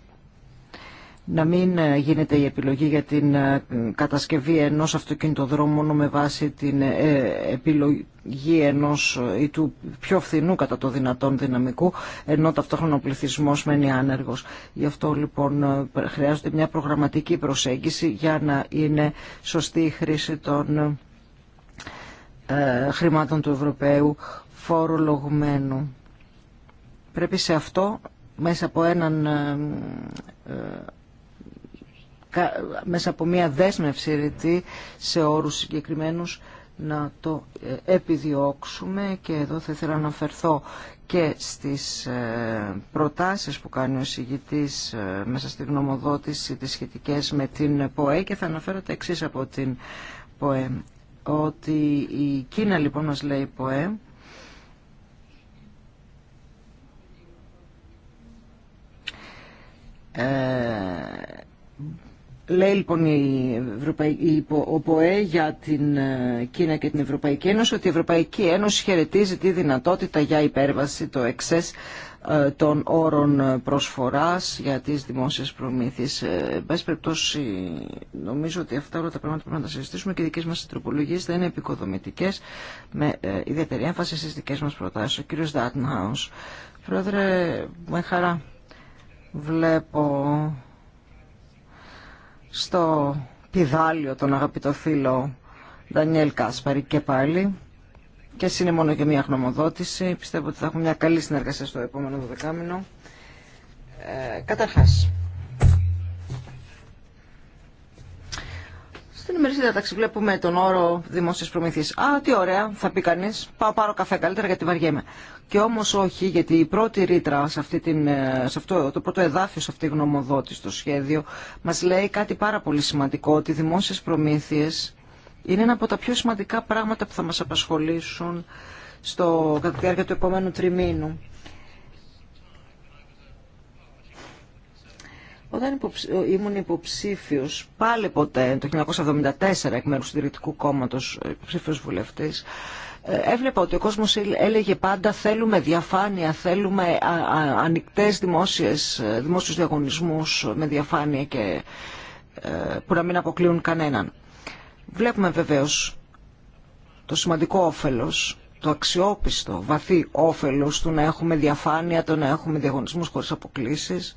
να μην ε, γίνεται η επιλογή για την ε, κατασκευή ενός αυτοκινητοδρόμου μόνο με βάση την ε, επιλογή ενός ή του πιο φθηνού κατά το δυνατόν δυναμικού, ενώ ταυτόχρονα ο πληθυσμό μένει άνεργος. Γι' αυτό λοιπόν χρειάζεται μια προγραμματική προσέγγιση για να είναι σωστή η χρήση των χρημάτων του Ευρωπαίου φορολογουμένου. Πρέπει σε αυτό μέσα από έναν ε, ε, μέσα από μια δέσμευση ρητή σε όρους συγκεκριμένους να το ε, επιδιώξουμε και εδώ θα ήθελα να αναφερθώ και στις προτάσεις που κάνει ο συγητής μέσα στη γνωμοδότηση τις σχετικές με την ΠΟΕ και θα αναφέρω τα εξής από την ΠΟΕ ότι η Κίνα λοιπόν μας λέει ΠΟΕ Ε, λέει λοιπόν η Ευρωπαϊκή, ο ΠΟΕ για την ε, Κίνα και την Ευρωπαϊκή Ένωση ότι η Ευρωπαϊκή Ένωση χαιρετίζει τη δυνατότητα για υπέρβαση το εξές ε, των όρων προσφοράς για τις δημόσιες προμήθειες. Ε, εν περιπτώσει, νομίζω ότι αυτά όλα τα πράγματα πρέπει να τα συζητήσουμε και οι δικές μας τροπολογίες θα είναι επικοδομητικές με ιδιαίτερη έμφαση στις δικές μας προτάσεις. Ο κύριος Δάτνχαους. Πρόεδρε, με χαρά βλέπω στο πιδάλιο τον αγαπητό φίλο Ντανιέλ Κάσπαρη και πάλι και είναι μόνο και μια γνωμοδότηση. Πιστεύω ότι θα έχουμε μια καλή συνεργασία στο επόμενο δεκάμινο. Ε, καταρχάς, Στην ημερήσια διάταξη βλέπουμε τον όρο δημόσιε προμηθείε. Α, τι ωραία, θα πει κανεί. Πάω πάρω καφέ καλύτερα γιατί βαριέμαι. Και όμω όχι, γιατί η πρώτη ρήτρα αυτή την, ε, σε αυτό το πρώτο εδάφιο, σε αυτή τη γνωμοδότη στο σχέδιο, μα λέει κάτι πάρα πολύ σημαντικό, ότι οι δημόσιε προμήθειε είναι ένα από τα πιο σημαντικά πράγματα που θα μα απασχολήσουν στο, κατά τη διάρκεια του επόμενου τριμήνου. Όταν ήμουν υποψήφιο, πάλι ποτέ, το 1974, εκ μέρου του Συντηρητικού Κόμματο, ε, υποψήφιο βουλευτή, ε, έβλεπα ότι ο κόσμο έλεγε πάντα θέλουμε διαφάνεια, θέλουμε ανοιχτέ ε, δημόσιου διαγωνισμού με διαφάνεια και που να μην αποκλείουν κανέναν. Βλέπουμε βεβαίω το σημαντικό όφελος το αξιόπιστο, βαθύ όφελος του να έχουμε διαφάνεια, το να έχουμε διαγωνισμούς χωρίς αποκλήσεις.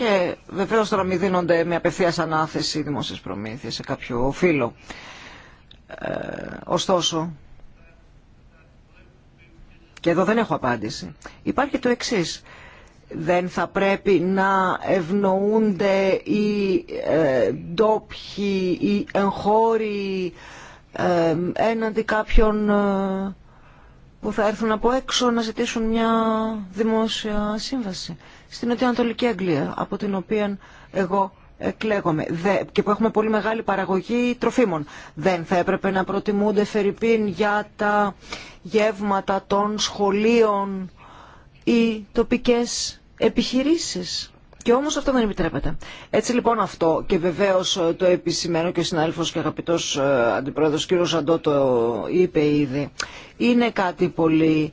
Και βεβαίω τώρα μην δίνονται με απευθεία ανάθεση δημοσίες δημόσιε σε κάποιο φίλο, ε, ωστόσο, και εδώ δεν έχω απάντηση, υπάρχει το εξή. Δεν θα πρέπει να ευνοούνται οι ε, ντόπιοι, οι εγχώροι ε, έναντι κάποιων ε, που θα έρθουν από έξω να ζητήσουν μια δημόσια σύμβαση στην Νοτιοανατολική Αγγλία, από την οποία εγώ εκλέγομαι και που έχουμε πολύ μεγάλη παραγωγή τροφίμων. Δεν θα έπρεπε να προτιμούνται φερρυπίν για τα γεύματα των σχολείων ή τοπικές επιχειρήσεις. Και όμως αυτό δεν επιτρέπεται. Έτσι λοιπόν αυτό και βεβαίως ε, το επισημένο και ο συνάδελφος και αγαπητός ε, αντιπρόεδρος κ. Αντώ το είπε ήδη. Είναι κάτι πολύ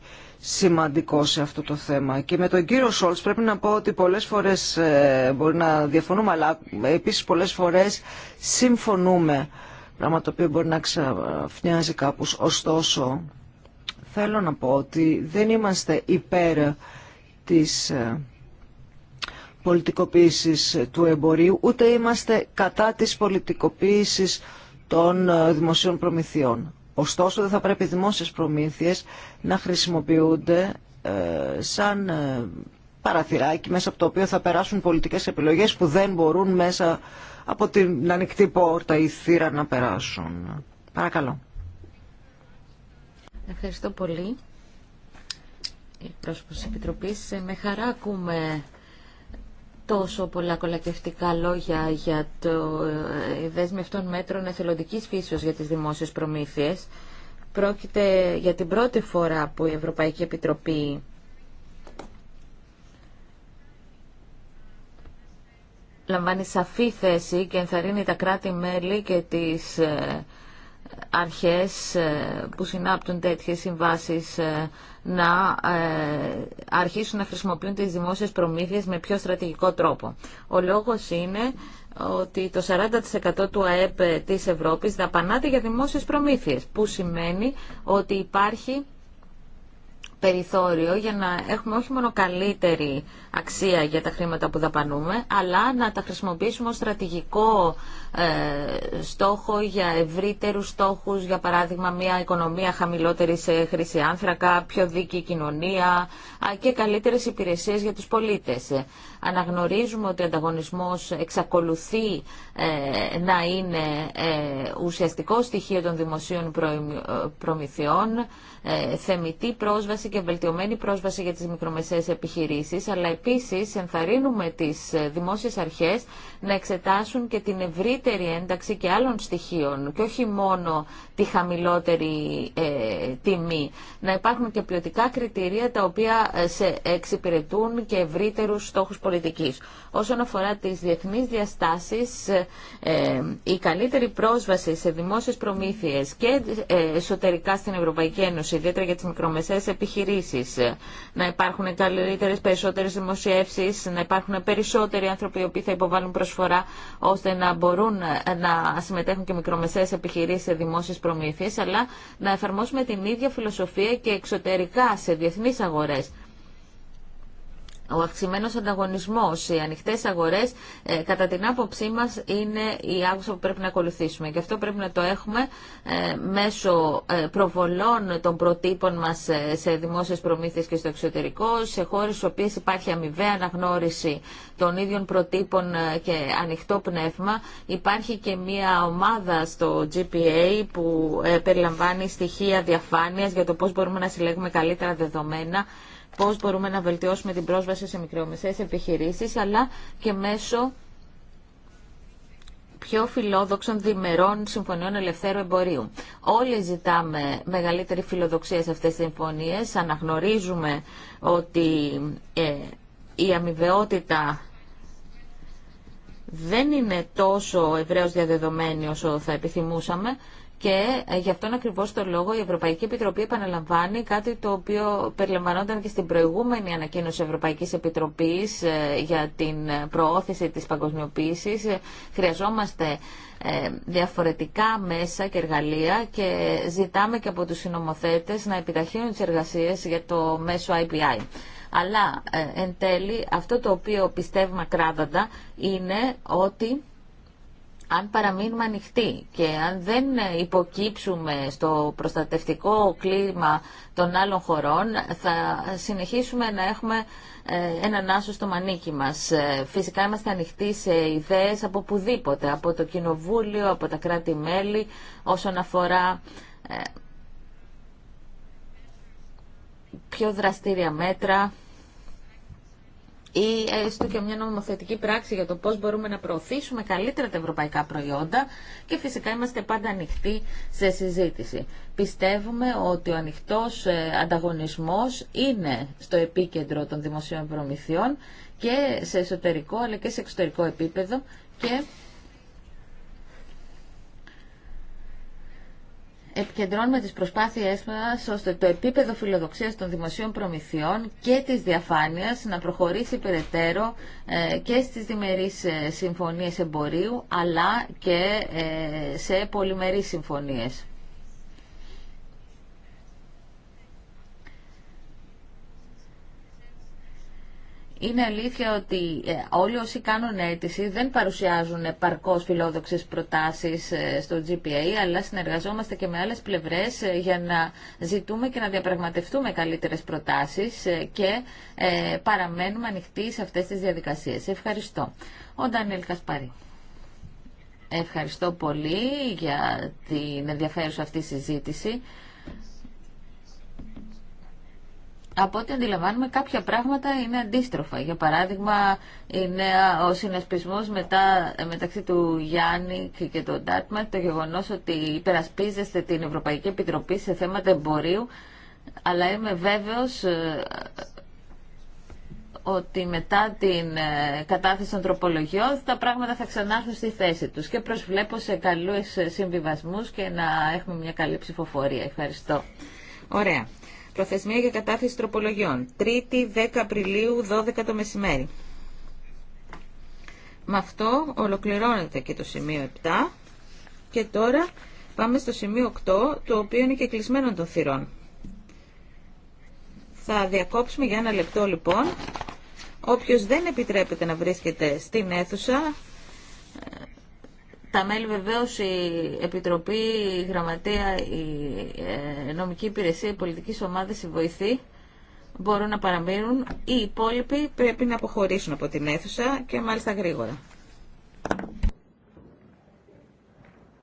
σημαντικό σε αυτό το θέμα. Και με τον κύριο Σόλτ πρέπει να πω ότι πολλές φορές ε, μπορεί να διαφωνούμε, αλλά επίσης πολλές φορές συμφωνούμε, πράγμα το οποίο μπορεί να ξαφνιάζει κάπως. Ωστόσο, θέλω να πω ότι δεν είμαστε υπέρ της ε, πολιτικοποίησης του εμπορίου, ούτε είμαστε κατά της πολιτικοποίησης των ε, δημοσίων προμηθειών. Ωστόσο δεν θα πρέπει οι δημόσιες προμήθειες να χρησιμοποιούνται ε, σαν ε, παραθυράκι μέσα από το οποίο θα περάσουν πολιτικές επιλογές που δεν μπορούν μέσα από την ανοιχτή πόρτα ή θύρα να περάσουν. Παρακαλώ. Ευχαριστώ πολύ. Η πρόσωπος της ε, Με χαρά ακούμε τόσο πολλά κολακευτικά λόγια για το ε, δέσμη αυτών μέτρων εθελοντικής φύσεως για τις δημόσιες προμήθειες. Πρόκειται για την πρώτη φορά που η Ευρωπαϊκή Επιτροπή λαμβάνει σαφή θέση και ενθαρρύνει τα κράτη-μέλη και τις ε, αρχές ε, που συνάπτουν τέτοιες συμβάσεις ε, να ε, αρχίσουν να χρησιμοποιούν τις δημόσιες προμήθειες με πιο στρατηγικό τρόπο. Ο λόγος είναι ότι το 40% του ΑΕΠ της Ευρώπης δαπανάται για δημόσιες προμήθειες, που σημαίνει ότι υπάρχει περιθώριο για να έχουμε όχι μόνο καλύτερη αξία για τα χρήματα που δαπανούμε, αλλά να τα χρησιμοποιήσουμε ως στρατηγικό ε, στόχο για ευρύτερους στόχους, για παράδειγμα μια οικονομία χαμηλότερη σε χρήση άνθρακα, πιο δίκη κοινωνία και καλύτερες υπηρεσίες για τους πολίτες. Αναγνωρίζουμε ότι ο ανταγωνισμός εξακολουθεί ε, να είναι ε, ουσιαστικό στοιχείο των δημοσίων προμηθειών, θεμητή πρόσβαση και βελτιωμένη πρόσβαση για τι μικρομεσαίες επιχειρήσει, αλλά επίση, ενθαρρύνουμε τι δημόσιε αρχέ να εξετάσουν και την ευρύτερη καλύτερη ένταξη και άλλων στοιχείων και όχι μόνο τη χαμηλότερη ε, τιμή. Να υπάρχουν και ποιοτικά κριτήρια τα οποία ε, σε εξυπηρετούν και ευρύτερους στόχους πολιτικής. Όσον αφορά τις διεθνείς διαστάσεις, ε, ε η καλύτερη πρόσβαση σε δημόσιες προμήθειες και ε, εσωτερικά στην Ευρωπαϊκή Ένωση, ιδιαίτερα για τις μικρομεσαίες επιχειρήσεις, να υπάρχουν καλύτερες, περισσότερες δημοσιεύσεις, να υπάρχουν περισσότεροι άνθρωποι οι οποίοι θα υποβάλουν προσφορά ώστε να μπορούν ε, να συμμετέχουν και μικρομεσαίες επιχειρήσεις σε δημόσιες προμήθειες, αλλά να εφαρμόσουμε την ίδια φιλοσοφία και εξωτερικά σε διεθνείς αγορές. Ο αυξημένο ανταγωνισμός, οι ανοιχτές αγορές, ε, κατά την άποψή μα είναι η άγουσα που πρέπει να ακολουθήσουμε. Και αυτό πρέπει να το έχουμε ε, μέσω ε, προβολών των προτύπων μας σε δημόσιες προμήθειε και στο εξωτερικό, σε χώρες στι οποίε υπάρχει αμοιβαία αναγνώριση των ίδιων προτύπων και ανοιχτό πνεύμα. Υπάρχει και μια ομάδα στο GPA που περιλαμβάνει στοιχεία διαφάνεια για το πώ μπορούμε να συλλέγουμε καλύτερα δεδομένα πώς μπορούμε να βελτιώσουμε την πρόσβαση σε μικρομεσαίες επιχειρήσεις, αλλά και μέσω πιο φιλόδοξων διμερών συμφωνιών ελευθέρου εμπορίου. Όλοι ζητάμε μεγαλύτερη φιλοδοξία σε αυτές τις συμφωνίες. Αναγνωρίζουμε ότι ε, η αμοιβαιότητα δεν είναι τόσο ευρέως διαδεδομένη όσο θα επιθυμούσαμε και ε, γι' αυτόν ακριβώ το λόγο η Ευρωπαϊκή Επιτροπή επαναλαμβάνει κάτι το οποίο περιλαμβανόταν και στην προηγούμενη ανακοίνωση Ευρωπαϊκή Επιτροπή ε, για την προώθηση της παγκοσμιοποίηση. Ε, χρειαζόμαστε διαφορετικά μέσα και εργαλεία και ζητάμε και από τους συνομοθέτε να επιταχύνουν τι εργασίε για το μέσο IPI. Αλλά εν τέλει αυτό το οποίο πιστεύουμε ακράδαντα είναι ότι αν παραμείνουμε ανοιχτοί και αν δεν υποκύψουμε στο προστατευτικό κλίμα των άλλων χωρών, θα συνεχίσουμε να έχουμε ε, έναν άσο στο μανίκι μας. Ε, φυσικά είμαστε ανοιχτοί σε ιδέες από πουδήποτε, από το Κοινοβούλιο, από τα κράτη-μέλη, όσον αφορά ε, πιο δραστήρια μέτρα ή έστω και μια νομοθετική πράξη για το πώς μπορούμε να προωθήσουμε καλύτερα τα ευρωπαϊκά προϊόντα και φυσικά είμαστε πάντα ανοιχτοί σε συζήτηση. Πιστεύουμε ότι ο ανοιχτό ε, ανταγωνισμός είναι στο επίκεντρο των δημοσίων προμηθειών και σε εσωτερικό αλλά και σε εξωτερικό επίπεδο και επικεντρώνουμε τις προσπάθειές μας ώστε το επίπεδο φιλοδοξίας των δημοσίων προμηθειών και της διαφάνειας να προχωρήσει περαιτέρω ε, και στις διμερείς ε, συμφωνίες εμπορίου αλλά και ε, σε πολυμερείς συμφωνίες. Είναι αλήθεια ότι ε, όλοι όσοι κάνουν αίτηση δεν παρουσιάζουν παρκώς φιλόδοξες προτάσεις ε, στο GPA, αλλά συνεργαζόμαστε και με άλλες πλευρές ε, για να ζητούμε και να διαπραγματευτούμε καλύτερες προτάσεις και παραμένουμε ανοιχτοί σε αυτές τις διαδικασίες. Ευχαριστώ. Ο Ντανιέλ Κασπαρή. Ευχαριστώ πολύ για την ενδιαφέρουσα αυτή συζήτηση. από ό,τι αντιλαμβάνουμε κάποια πράγματα είναι αντίστροφα. Για παράδειγμα, είναι ο συνασπισμό μετά, μεταξύ του Γιάννη και του Ντάτμα, το γεγονός ότι υπερασπίζεστε την Ευρωπαϊκή Επιτροπή σε θέματα εμπορίου, αλλά είμαι βέβαιος ε, ότι μετά την ε, κατάθεση των τροπολογιών τα πράγματα θα ξανάρθουν στη θέση τους και προσβλέπω σε καλούς ε, συμβιβασμούς και να έχουμε μια καλή ψηφοφορία. Ευχαριστώ. Ωραία. Προθεσμία για κατάθεση τροπολογιών. Τρίτη 10 Απριλίου 12 το μεσημέρι. Με αυτό ολοκληρώνεται και το σημείο 7 και τώρα πάμε στο σημείο 8 το οποίο είναι και κλεισμένο των θυρών. Θα διακόψουμε για ένα λεπτό λοιπόν. Όποιος δεν επιτρέπεται να βρίσκεται στην αίθουσα στα μέλη βεβαίως η Επιτροπή, η Γραμματεία, η ε, Νομική Υπηρεσία, η Πολιτική Ομάδα, η Βοηθή μπορούν να παραμείνουν. Οι υπόλοιποι πρέπει να αποχωρήσουν από την αίθουσα και μάλιστα γρήγορα.